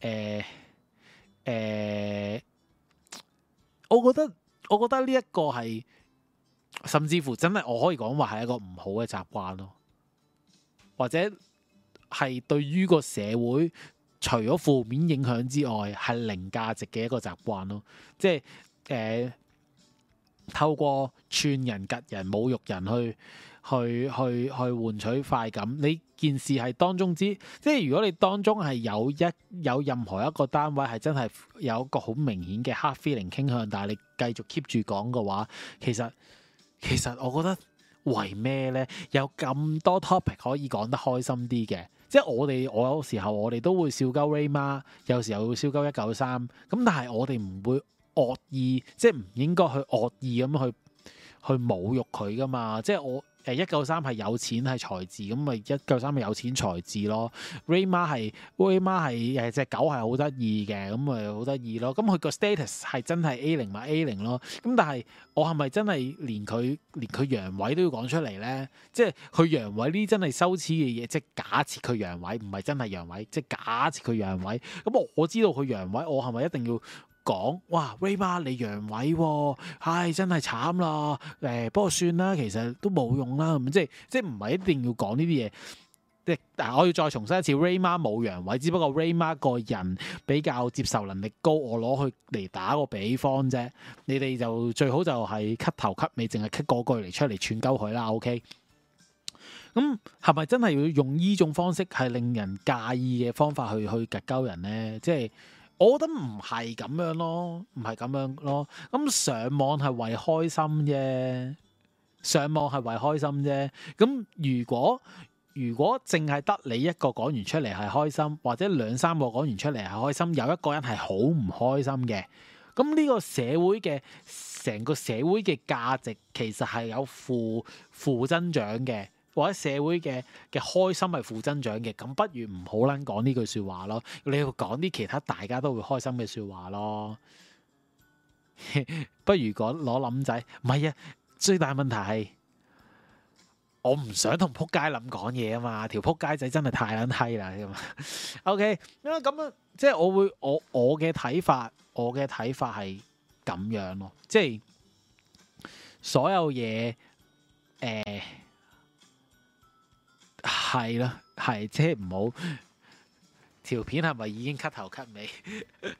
誒誒，我覺得我覺得呢一個係甚至乎真係我可以講話係一個唔好嘅習慣咯，或者係對於個社會除咗負面影響之外係零價值嘅一個習慣咯，即係誒。呃透過串人、及人、侮辱人去、去、去、去換取快感，呢件事係當中之，即係如果你當中係有一有任何一個單位係真係有一個好明顯嘅黑 feeling 傾向，但係你繼續 keep 住講嘅話，其實其實我覺得為咩呢？有咁多 topic 可以講得開心啲嘅？即係我哋我有時候我哋都會笑鳩 Ray 媽，有時候會笑鳩一九三，咁但係我哋唔會。惡意，即係唔應該去惡意咁去去侮辱佢噶嘛？即係我誒一九三係有錢係才智咁咪一九三咪有錢才智咯。Ray 媽係 Ray 媽係誒隻狗係好得意嘅，咁咪好得意咯。咁佢個 status 係真係 A 零咪 A 零咯。咁但係我係咪真係連佢連佢陽痿都要講出嚟咧，就是？即係佢陽痿呢？真係羞恥嘅嘢。即係假設佢陽痿唔係真係陽痿，即係假設佢陽痿。咁我知道佢陽痿，我係咪一定要？講哇 Ray 媽你陽痿喎，唉真係慘啦！誒不過算啦，其實都冇用啦，咁即係即係唔係一定要講呢啲嘢？但係我要再重申一次，Ray 媽冇陽痿，只不過 Ray 媽個人比較接受能力高，我攞去嚟打個比方啫。你哋就最好就係 cut 頭 cut 尾，淨係 cut 個句嚟出嚟串鳩佢啦。OK，咁係咪真係要用依種方式係令人介意嘅方法去去夾鳩人呢？即係。我覺得唔係咁樣咯，唔係咁樣咯。咁上網係為開心啫，上網係為開心啫。咁如果如果淨係得你一個講完出嚟係開心，或者兩三個講完出嚟係開心，有一個人係好唔開心嘅。咁呢個社會嘅，成個社會嘅價值其實係有負負增長嘅。或者社會嘅嘅開心係負增長嘅，咁不如唔好撚講呢句説話咯。你要講啲其他大家都會開心嘅説話咯。 不如講攞諗仔，唔係啊！最大問題係我唔想同撲街諗講嘢啊嘛。條撲街仔真係太撚閪啦咁。 OK，因為咁樣即係我會我我嘅睇法，我嘅睇法係咁樣咯。即係所有嘢誒。呃係啦，係即係唔好，條片係咪已經 cut 頭 cut 尾？誒，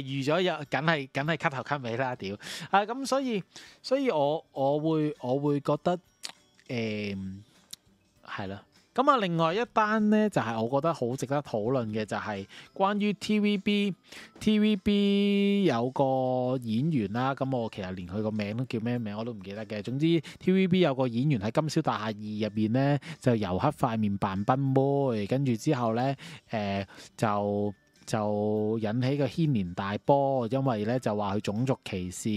預咗有，梗係梗係 cut 頭 cut 尾啦，屌啊！咁所以所以我我會我會覺得誒係啦。呃咁啊，另外一單咧，就係、是、我覺得好值得討論嘅，就係、是、關於 TVB，TVB 有個演員啦。咁我其實連佢個名都叫咩名我都唔記得嘅。總之 TVB 有個演員喺《金宵大廈二》入面咧，就油黑塊面扮賓妹。跟住之後咧，誒、呃、就。就引起個牽連大波，因為咧就話佢種族歧視，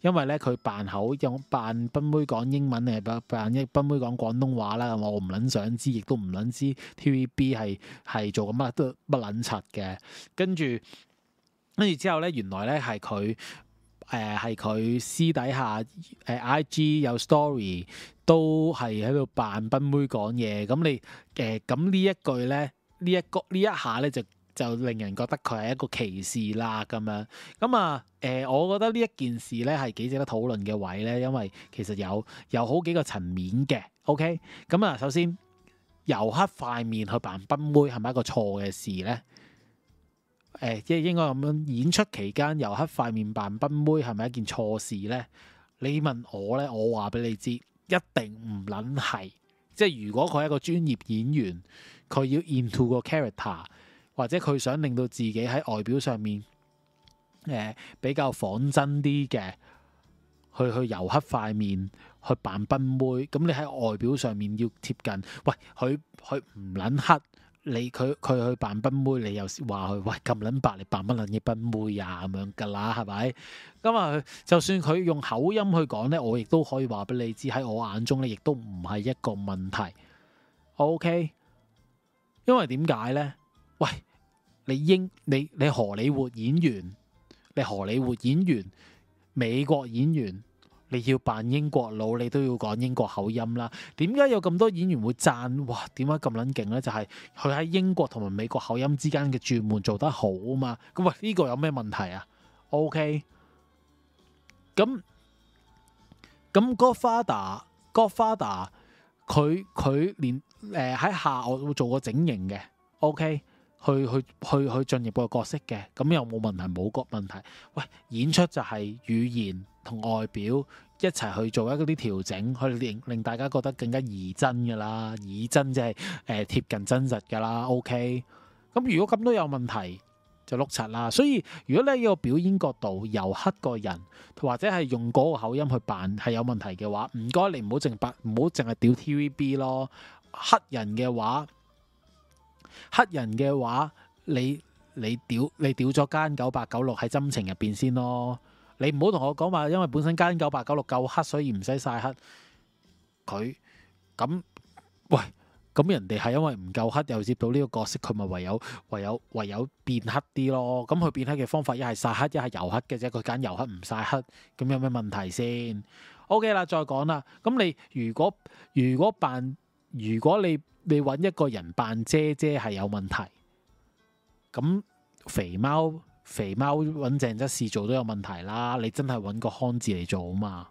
因為咧佢扮口用扮賓妹講英文，定係扮扮賓妹講廣東話啦。我唔撚想知，亦都唔撚知 T V B 係係做緊乜都乜撚柒嘅。跟住跟住之後咧，原來咧係佢誒係佢私底下誒、呃、I G 有 story 都係喺度扮賓妹講嘢。咁你誒咁呢一句咧呢一個呢一,一下咧就。就令人覺得佢係一個歧視啦，咁樣咁啊。誒、呃，我覺得呢一件事咧係幾值得討論嘅位咧，因為其實有有好幾個層面嘅。OK，咁啊，首先由黑塊面去扮賓妹係咪一個錯嘅事咧？誒、呃，即係應該咁樣演出期間由黑塊面扮賓妹係咪一件錯事咧？你問我咧，我話俾你知，一定唔撚係。即係如果佢係一個專業演員，佢要 into 個 character。或者佢想令到自己喺外表上面，誒、呃，比較仿真啲嘅，去去油黑塊面，去扮賓妹。咁你喺外表上面要貼近，喂，佢佢唔捻黑你，佢佢去扮賓妹，你又話佢喂，咁捻白，你扮乜捻嘢賓妹啊？咁樣噶啦，係咪？咁啊，就算佢用口音去講呢，我亦都可以話俾你知，喺我眼中呢，亦都唔係一個問題 OK，因為點解呢？喂，你英你你荷里活演員，你荷里活演員，美國演員，你要扮英國佬，你都要講英國口音啦。點解有咁多演員會讚？哇，點解咁撚勁呢？就係佢喺英國同埋美國口音之間嘅轉換做得好啊嘛。咁喂呢個有咩問題啊？OK，咁咁 Godfather，Godfather，佢佢連誒喺下我做過整形嘅，OK。去去去去進入個角色嘅，咁又冇問題冇個問題。喂，演出就係語言同外表一齊去做一啲調整，去令令大家覺得更加擬真㗎啦，擬真即係誒貼近真實㗎啦。OK，咁如果咁都有問題就碌柒啦。所以如果你喺個表演角度由黑個人，或者係用嗰個口音去扮係有問題嘅話，唔該你唔好淨白，唔好淨係屌 TVB 咯，黑人嘅話。黑人嘅話，你你屌你屌咗間九八九六喺真情入邊先咯，你唔好同我講話，因為本身間九八九六夠黑，所以唔使曬黑佢。咁喂，咁人哋係因為唔夠黑，又接到呢個角色，佢咪唯有唯有唯有變黑啲咯。咁佢變黑嘅方法一係曬黑，一係油黑嘅啫。佢揀油黑唔曬黑，咁有咩問題先？O K 啦，okay，再講啦。咁你如果如果扮如果你。你揾一個人扮姐姐係有問題，咁肥貓，肥貓揾鄭則仕做都有問題啦。你真係揾個康字嚟做啊嘛。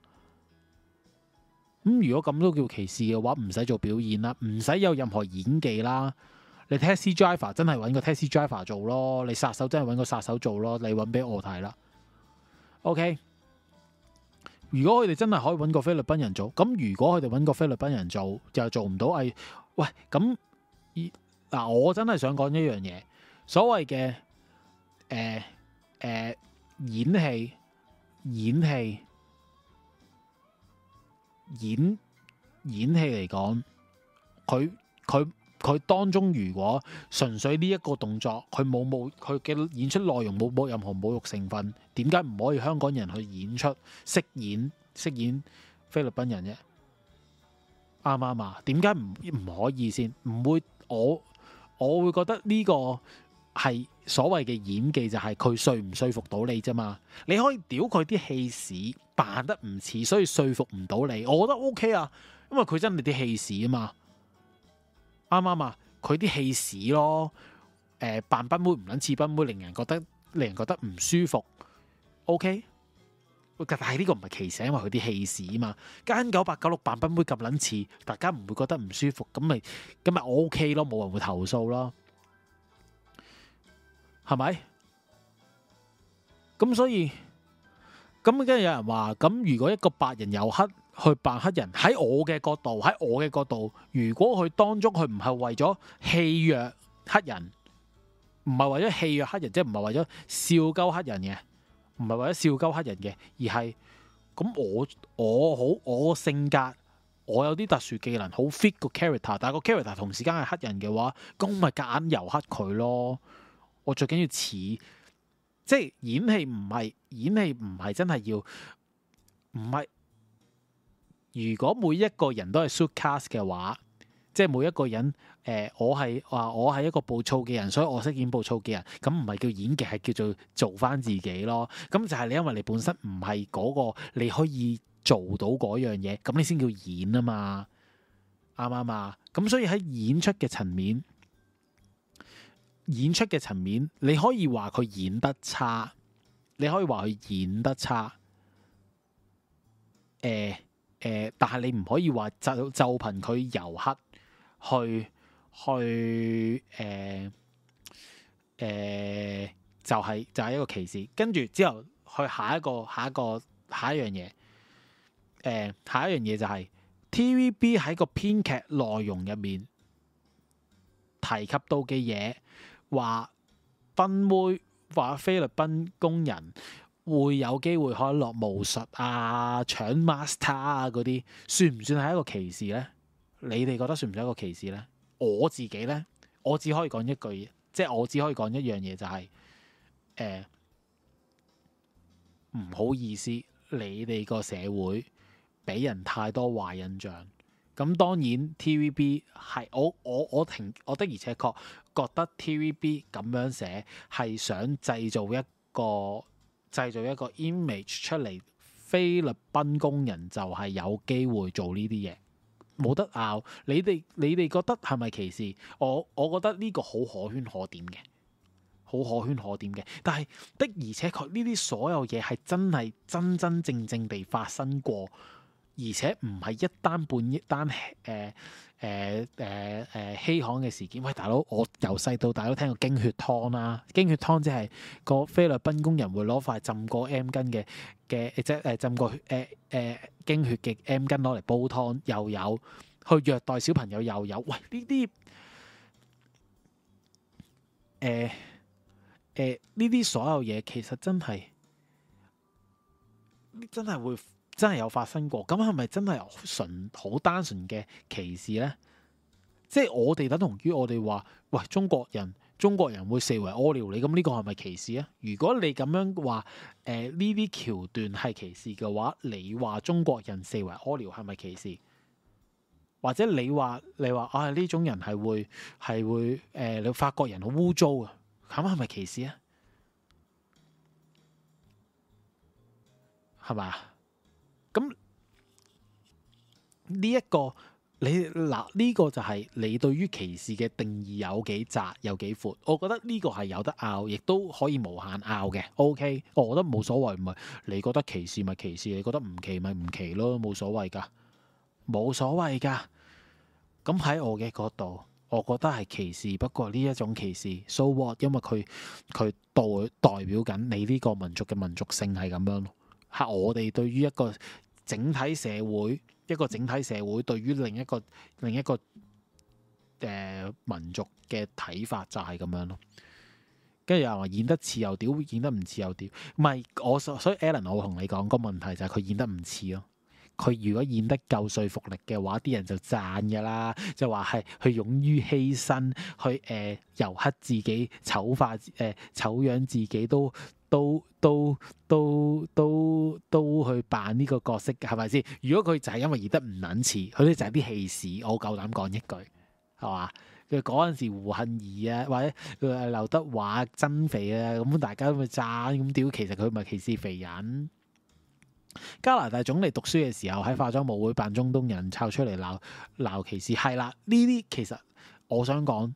咁如果咁都叫歧視嘅話，唔使做表演啦，唔使有任何演技啦。你 taxi driver 真係揾個 taxi driver 做咯，你殺手真係揾個殺手做咯，你揾俾我睇啦。OK，如果佢哋真係可以揾個菲律賓人做，咁如果佢哋揾個菲律賓人做就做唔到，誒。喂，咁嗱，我真係想講一樣嘢，所謂嘅誒誒演戲，演戲，演演戲嚟講，佢佢佢當中如果純粹呢一個動作，佢冇冇佢嘅演出內容冇冇任何侮辱成分，點解唔可以香港人去演出飾演飾演菲律賓人啫？啱啱啊！點解唔唔可以先？唔會我我會覺得呢個係所謂嘅演技，就係佢説唔説服到你啫嘛。你可以屌佢啲氣屎，扮得唔似，所以説服唔到你。我覺得 OK 啊，因為佢真係啲氣屎啊嘛。啱啱啊，佢啲氣屎咯，誒、呃、扮賓妹唔撚似賓妹，令人覺得令人覺得唔舒服。OK。但係呢個唔係歧視，因為佢啲氣勢啊嘛，間九百九六扮賓妹咁撚似，大家唔會覺得唔舒服，咁咪咁咪我 OK 咯，冇人會投訴咯，係咪？咁所以咁跟住有人話，咁如果一個白人又黑去扮黑人，喺我嘅角度，喺我嘅角度，如果佢當中佢唔係為咗戲弱黑人，唔係為咗戲弱黑人，即係唔係為咗笑鳩黑人嘅。唔係為咗笑鳩黑人嘅，而係咁我我好我性格我有啲特殊技能，好 fit 個 character，但係個 character 同時間係黑人嘅話，咁咪夾硬油黑佢咯。我最緊要似，即係演戲唔係演戲唔係真係要唔係。如果每一個人都係 suit cast 嘅話。即係每一個人，誒、呃，我係話我係一個暴躁嘅人，所以我識演暴躁嘅人，咁唔係叫演技，係叫做做翻自己咯。咁就係你因為你本身唔係嗰個，你可以做到嗰樣嘢，咁你先叫演啊嘛，啱唔啱啊？咁所以喺演出嘅層面，演出嘅層面，你可以話佢演得差，你可以話佢演得差，誒、呃、誒、呃，但係你唔可以話就就憑佢遊客。去去誒，誒、呃呃，就係、是，就係、是、一個歧視。跟住之後，去下一個，下一個，下一樣嘢，誒，下一樣嘢、呃、就係、是、TVB 喺個編劇內容入面提及到嘅嘢，話賓妹話菲律賓工人會有機會可以落巫術啊、搶 master 啊嗰啲，算唔算係一個歧視咧？你哋覺得算唔算一個歧視呢？我自己呢，我只可以講一句，即係我只可以講一樣嘢、就是，就係誒，唔好意思，你哋個社會俾人太多壞印象。咁當然 TVB 係我我我停，我的而且確覺得 TVB 咁樣寫係想製造一個製造一個 image 出嚟，菲律賓工人就係有機會做呢啲嘢。冇得拗，你哋你哋覺得係咪歧視？我我覺得呢個好可圈可點嘅，好可圈可點嘅。但係，的而且確，呢啲所有嘢係真係真真正正地發生過，而且唔係一單半一單誒。呃誒誒誒稀罕嘅事件，喂大佬，我由細到大都聽過經血湯啦、啊，經血湯即係個菲律賓工人會攞塊浸過 M 巾嘅嘅，即係誒浸過血誒誒、呃呃、經血嘅 M 巾攞嚟煲湯，又有去虐待小朋友又有，喂呢啲誒誒呢啲所有嘢其實真係，真係會。真係有發生過，咁係咪真係純好單純嘅歧視呢？即係我哋等同於我哋話，喂，中國人，中國人會四圍屙尿你，咁呢個係咪歧視啊？如果你咁樣話，誒呢啲橋段係歧視嘅話，你話中國人四圍屙尿係咪歧視？或者你話你話啊呢種人係會係會誒，你、呃、法國人好污糟嘅，咁係咪歧視啊？係嘛？咁呢一個你，嗱呢個就係你對於歧視嘅定義有幾窄有幾闊？我覺得呢個係有得拗，亦都可以無限拗嘅。OK，我覺得冇所謂，唔係你覺得歧視咪歧視，你覺得唔歧咪唔歧咯，冇所謂噶，冇所謂噶。咁喺我嘅角度，我覺得係歧視，不過呢一種歧視。So what？因為佢佢代代表緊你呢個民族嘅民族性係咁樣咯。係我哋對於一個整體社會，一個整體社會對於另一個另一個誒、呃、民族嘅睇法就係咁樣咯。跟住又話演得似又屌，演得唔似又屌。唔係我所所以，Alan，我同你講個問題就係佢演得唔似咯。佢如果演得夠說服力嘅話，啲人就讚噶啦，就話係佢勇於犧牲，去誒油黑自己醜化誒醜樣自己都。都都都都都去扮呢個角色㗎係咪先？如果佢就係因為演得唔撚似，佢啲就係啲戲屎，我夠膽講一句係嘛？佢嗰陣時胡杏兒啊，或者佢係劉德華增肥啊，咁大家都咁讚咁屌，其實佢咪歧視肥人？加拿大總理讀書嘅時候喺化妝舞會扮中東人，抄出嚟鬧鬧歧視，係啦。呢啲其實我想講。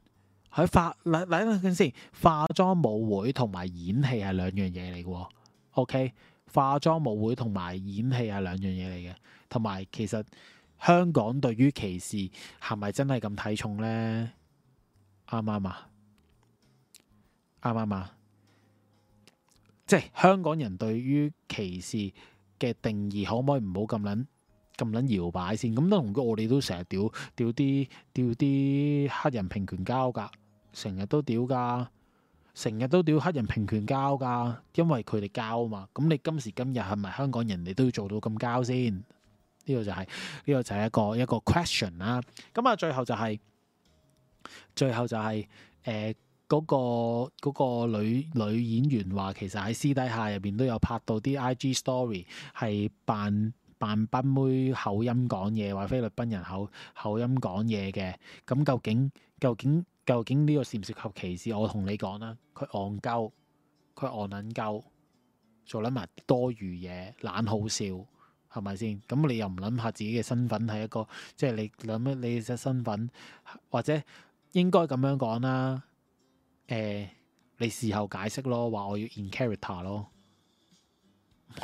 佢化，嗱嗱，等陣先。化妝舞會同埋演戲係兩樣嘢嚟嘅，OK。化妝舞會同埋演戲係兩樣嘢嚟嘅。同埋其實香港對於歧視係咪真係咁睇重呢？啱唔啱啊？啱唔啱啊？即係香港人對於歧視嘅定義可唔可以唔好咁撚咁撚搖擺先？咁都同我哋都成日屌屌啲屌啲黑人平權交㗎。成日都屌㗎，成日都屌黑人平權交㗎，因為佢哋交啊嘛。咁你今時今日係咪香港人，你都要做到咁交先？呢個就係，呢個就係一個一個 question 啦。咁啊，最後就係，最後就係誒嗰個嗰個女女演員話，其實喺私底下入邊都有拍到啲 IG story 係扮扮賓妹口音講嘢，或菲律賓人口口音講嘢嘅。咁究竟究竟？究竟呢個涉唔涉及歧視？我同你講啦，佢戇鳩，佢戇撚鳩，做諗埋多餘嘢，懶好笑，係咪先？咁你又唔諗下自己嘅身份係一個，即係你諗下你嘅身份或者應該咁樣講啦。誒、呃，你事後解釋咯，話我要 in character 咯。唔，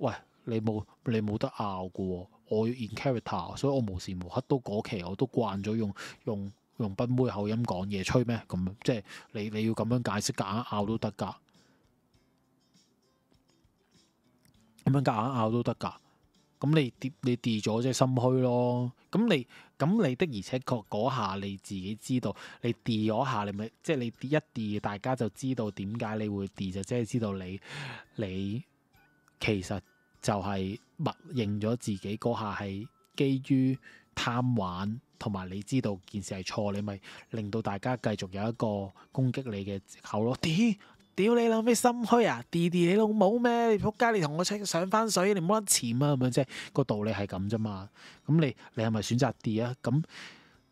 喂，喂，你冇你冇得拗嘅，我要 in character，所以我無時無刻都嗰期我都慣咗用用。用用北妹口音講嘢吹咩？咁即係你你要咁樣解釋夾硬拗都得噶，咁樣夾硬拗都得噶。咁你跌你跌咗即係心虛咯。咁你咁你的而且確嗰下你自己知道你跌咗下，你咪即係你跌一跌，大家就知道點解你會跌就即係知道你你其實就係、是、默認咗自己嗰下係基於貪玩。同埋你知道件事係錯，你咪令到大家繼續有一個攻擊你嘅借口咯。屌，屌你老咩心虛啊？跌跌你老母咩？你仆街，你同我出上翻水，你唔好得潛啊咁樣啫。即係個道理係咁啫嘛。咁你你係咪選擇跌啊？咁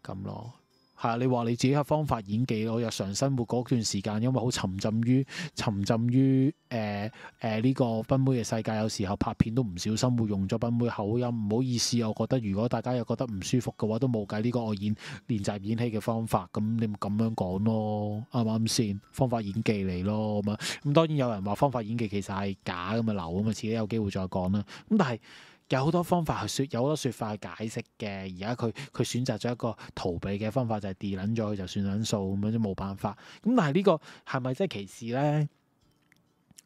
咁咯。係啊，你話你自己係方法演技咯，我日常生活嗰段時間，因為好沉浸於沉浸於誒誒呢個賓妹嘅世界，有時候拍片都唔小心會用咗賓妹口音，唔好意思，我覺得如果大家又覺得唔舒服嘅話，都冇計，呢個我演練習演戲嘅方法，咁你咪咁樣講咯，啱唔啱先？方法演技嚟咯，咁啊，咁當然有人話方法演技其實係假咁啊、就是、流咁啊，自己有機會再講啦，咁但係。有好多方法去説，有好多説法去解釋嘅。而家佢佢選擇咗一個逃避嘅方法，就係跌撚咗佢就算撚數咁樣都冇辦法。咁但係呢個係咪真係歧視呢？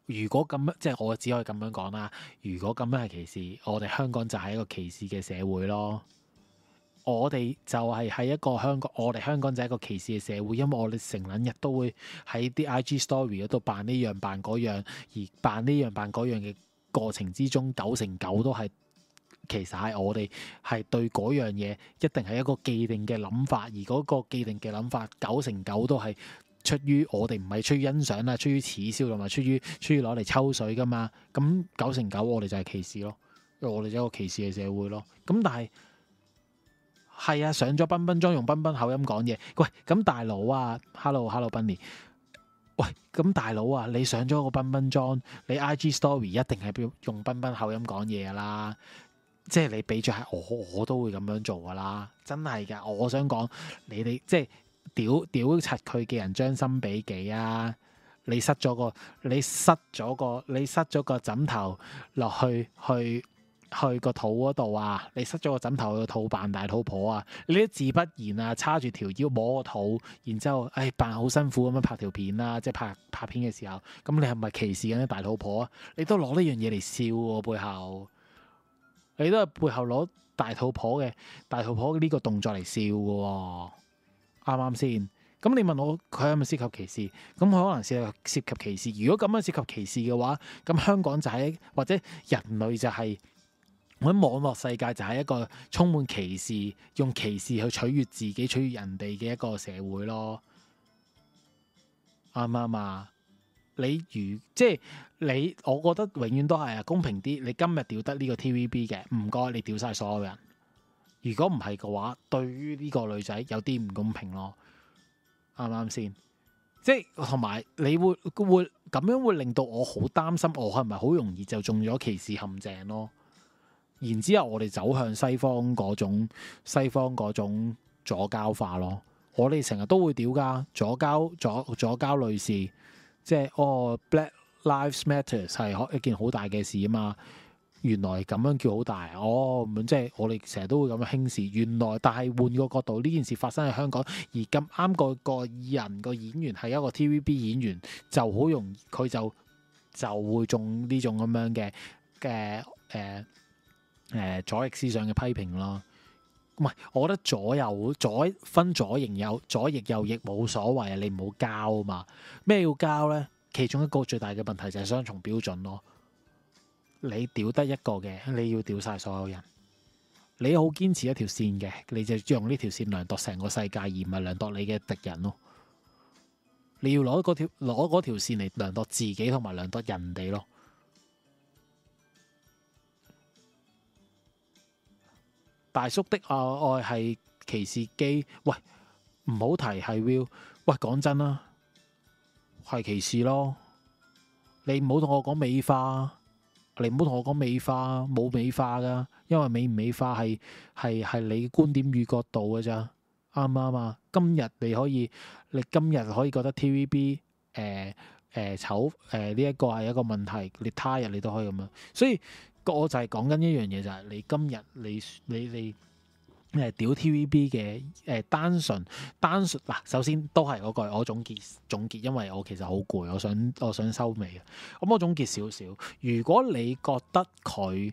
如果咁樣，即係我只可以咁樣講啦。如果咁樣係歧視，我哋香港就係一個歧視嘅社會咯。我哋就係喺一個香港，我哋香港就係一個歧視嘅社會，因為我哋成撚日都會喺啲 IG story 嗰度扮呢樣扮嗰樣，而扮呢樣扮嗰樣嘅過程之中，九成九都係。其實係我哋係對嗰樣嘢一定係一個既定嘅諗法，而嗰個既定嘅諗法九成九都係出於我哋唔係出於欣賞呀，出於恥笑同埋出於出於攞嚟抽水噶嘛。咁九成九我哋就係歧視咯，因為我哋就一個歧視嘅社會咯。咁但係係啊，上咗斌斌裝，用斌斌口音講嘢。喂，咁大佬啊，Hello Hello Bunny。喂，咁大佬啊，你上咗個斌斌裝，你 IG Story 一定係用用斌斌口音講嘢啦。即係你俾咗係我，我都會咁樣做噶啦，真係噶。我想講，你哋即係屌屌柒佢嘅人，將心比己啊！你塞咗個你塞咗個你塞咗個枕頭落去去去，去個肚嗰度啊！你塞咗個枕頭去個肚扮大肚婆啊！你都自不然啊，叉住條腰摸個肚，然之後誒、哎、扮好辛苦咁樣拍條片啊！即係拍拍片嘅時候，咁你係咪歧視緊啲大肚婆啊？你都攞呢樣嘢嚟笑喎、啊、背後。你都係背後攞大肚婆嘅大肚婆呢個動作嚟笑嘅、哦，啱啱先？咁你問我佢係咪涉及歧視？咁佢可能涉涉及歧視。如果咁樣涉及歧視嘅話，咁香港就係、是、或者人類就係、是、我喺網絡世界就係一個充滿歧視、用歧視去取悦自己、取悦人哋嘅一個社會咯，啱唔啱啊？你如即係你，我覺得永遠都係啊，公平啲。你今日屌得呢個 TVB 嘅，唔該你屌晒所有人。如果唔係嘅話，對於呢個女仔有啲唔公平咯。啱唔啱先？即係同埋你會會咁樣會令到我好擔心，我係咪好容易就中咗歧視陷阱咯？然之後我哋走向西方嗰種西方嗰種左膠化咯。我哋成日都會屌㗎左膠左左膠女士。即係哦，Black Lives Matter 係可一件好大嘅事啊嘛！原來咁樣叫好大哦，即係我哋成日都會咁樣輕視。原來，但係換個角度，呢件事發生喺香港，而咁啱個個人個演員係一個 TVB 演員，就好容易佢就就會中呢種咁樣嘅嘅誒誒左翼思想嘅批評咯。唔係，我覺得左右左分左型右左翼右翼冇所謂啊！你唔好交啊嘛，咩要交呢？其中一個最大嘅問題就係雙重標準咯。你屌得一個嘅，你要屌晒所有人。你好堅持一條線嘅，你就用呢條線量度成個世界，而唔係量度你嘅敵人咯。你要攞嗰條攞嗰條線嚟量度自己同埋量度人哋咯。大叔的啊愛係歧視機，喂唔好提係 Will，喂講真啦，係歧視咯。你唔好同我講美化，你唔好同我講美化，冇美化噶，因為美唔美化係係係你觀點與角度嘅啫，啱唔啱啊？今日你可以，你今日可以覺得 TVB 誒誒醜誒呢一個係一個問題，你他日你都可以咁樣，所以。我就係講緊一樣嘢，就係、是、你今日你你你誒屌、呃、TVB 嘅誒、呃、單純單純嗱，首先都係嗰句我總結總結，因為我其實好攰，我想我想收尾嘅。咁、嗯、我總結少少，如果你覺得佢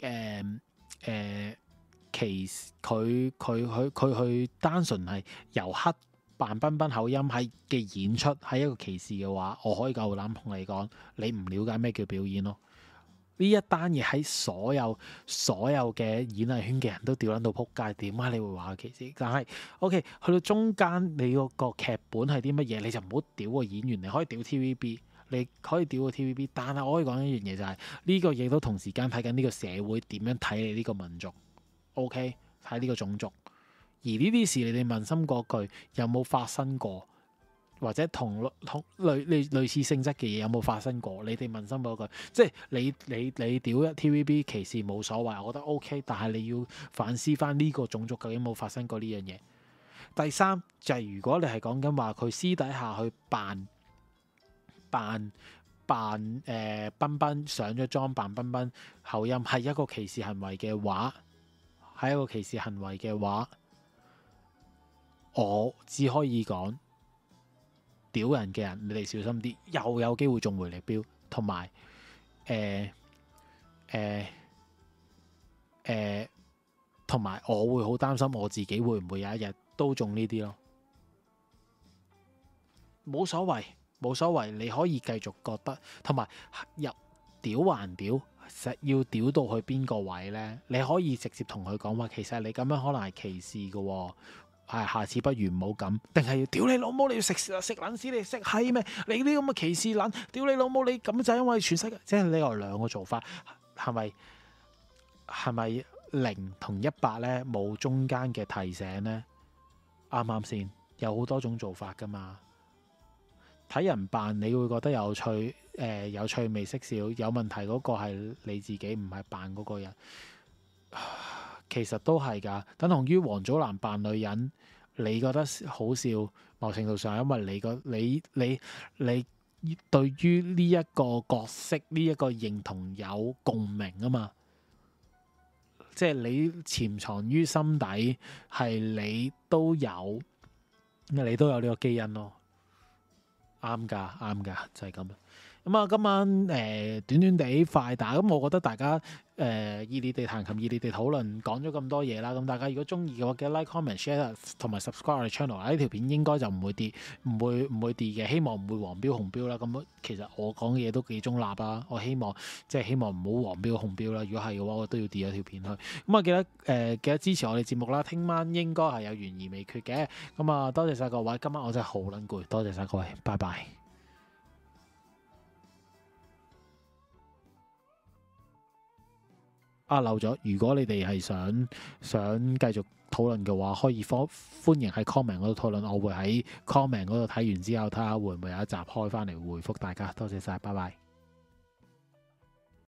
誒誒歧視佢佢去佢去單純係由黑扮彬彬口音喺嘅演出係一個歧視嘅話，我可以夠膽同你講，你唔了解咩叫表演咯。呢一單嘢喺所有所有嘅演藝圈嘅人都屌撚到撲街，點啊？你會話佢歧視？但係 OK，去到中間你個劇本係啲乜嘢，你就唔好屌個演員，你可以屌 TVB，你可以屌個 TVB。但係我可以講一樣嘢就係呢個嘢都同時間睇緊呢個社會點樣睇你呢個民族，OK？睇呢個種族，而呢啲事你哋問心嗰句有冇發生過？或者同類同類類似性質嘅嘢有冇發生過？你哋問心嗰句，即係你你你屌一 TVB 歧視冇所謂，我覺得 OK，但係你要反思翻呢個種族究竟有冇發生過呢樣嘢。第三就係如果你係講緊話佢私底下去扮扮扮誒賓賓上咗裝扮賓賓口音係一個歧視行為嘅話，係一個歧視行為嘅話，我只可以講。屌人嘅人，你哋小心啲，又有機會中回力標，同埋，誒、呃，誒、呃，同、呃、埋，我會好擔心我自己會唔會有一日都中呢啲咯。冇所謂，冇所謂，你可以繼續覺得，同埋入屌還屌，實要屌到去邊個位呢？你可以直接同佢講話，其實你咁樣可能係歧視嘅。係，下次不如唔好咁，定係要屌你老母，你要食食撚屎，你食閪咩？你呢個咁嘅歧視撚，屌你老母，你咁就因為全世界即係呢個兩個做法，係咪係咪零同一百咧冇中間嘅提醒呢？啱啱先？有好多種做法噶嘛，睇人扮你會覺得有趣，誒、呃、有趣味識少，有問題嗰個係你自己，唔係扮嗰個人。其實都係噶，等同於王祖藍扮女人，你覺得好笑。某程度上，因為你個你你你對於呢一個角色呢一個認同有共鳴啊嘛，即係你潛藏於心底，係你都有，你都有呢個基因咯。啱噶，啱噶，就係咁。咁啊，今晚誒、呃、短短地快打，咁我覺得大家。誒熱烈地彈琴，熱烈地討論，講咗咁多嘢啦。咁大家如果中意嘅話，記得 like comment, share、comment、share 同埋 subscribe 我哋 channel。呢條片應該就唔會跌，唔會唔會跌嘅。希望唔會黃標紅標啦。咁其實我講嘅嘢都幾中立啊。我希望即係、就是、希望唔好黃標紅標啦。如果係嘅話，我都要跌咗條片去。咁啊記得誒、呃、記得支持我哋節目啦。聽晚應該係有懸疑未決嘅。咁啊多謝晒各位，今晚我真係好撚攰。多謝晒各位，拜拜。啊漏咗！如果你哋係想想繼續討論嘅話，可以方歡迎喺 comment 度討論，我會喺 comment 度睇完之後睇下會唔會有一集開翻嚟回覆大家，多謝晒，拜拜。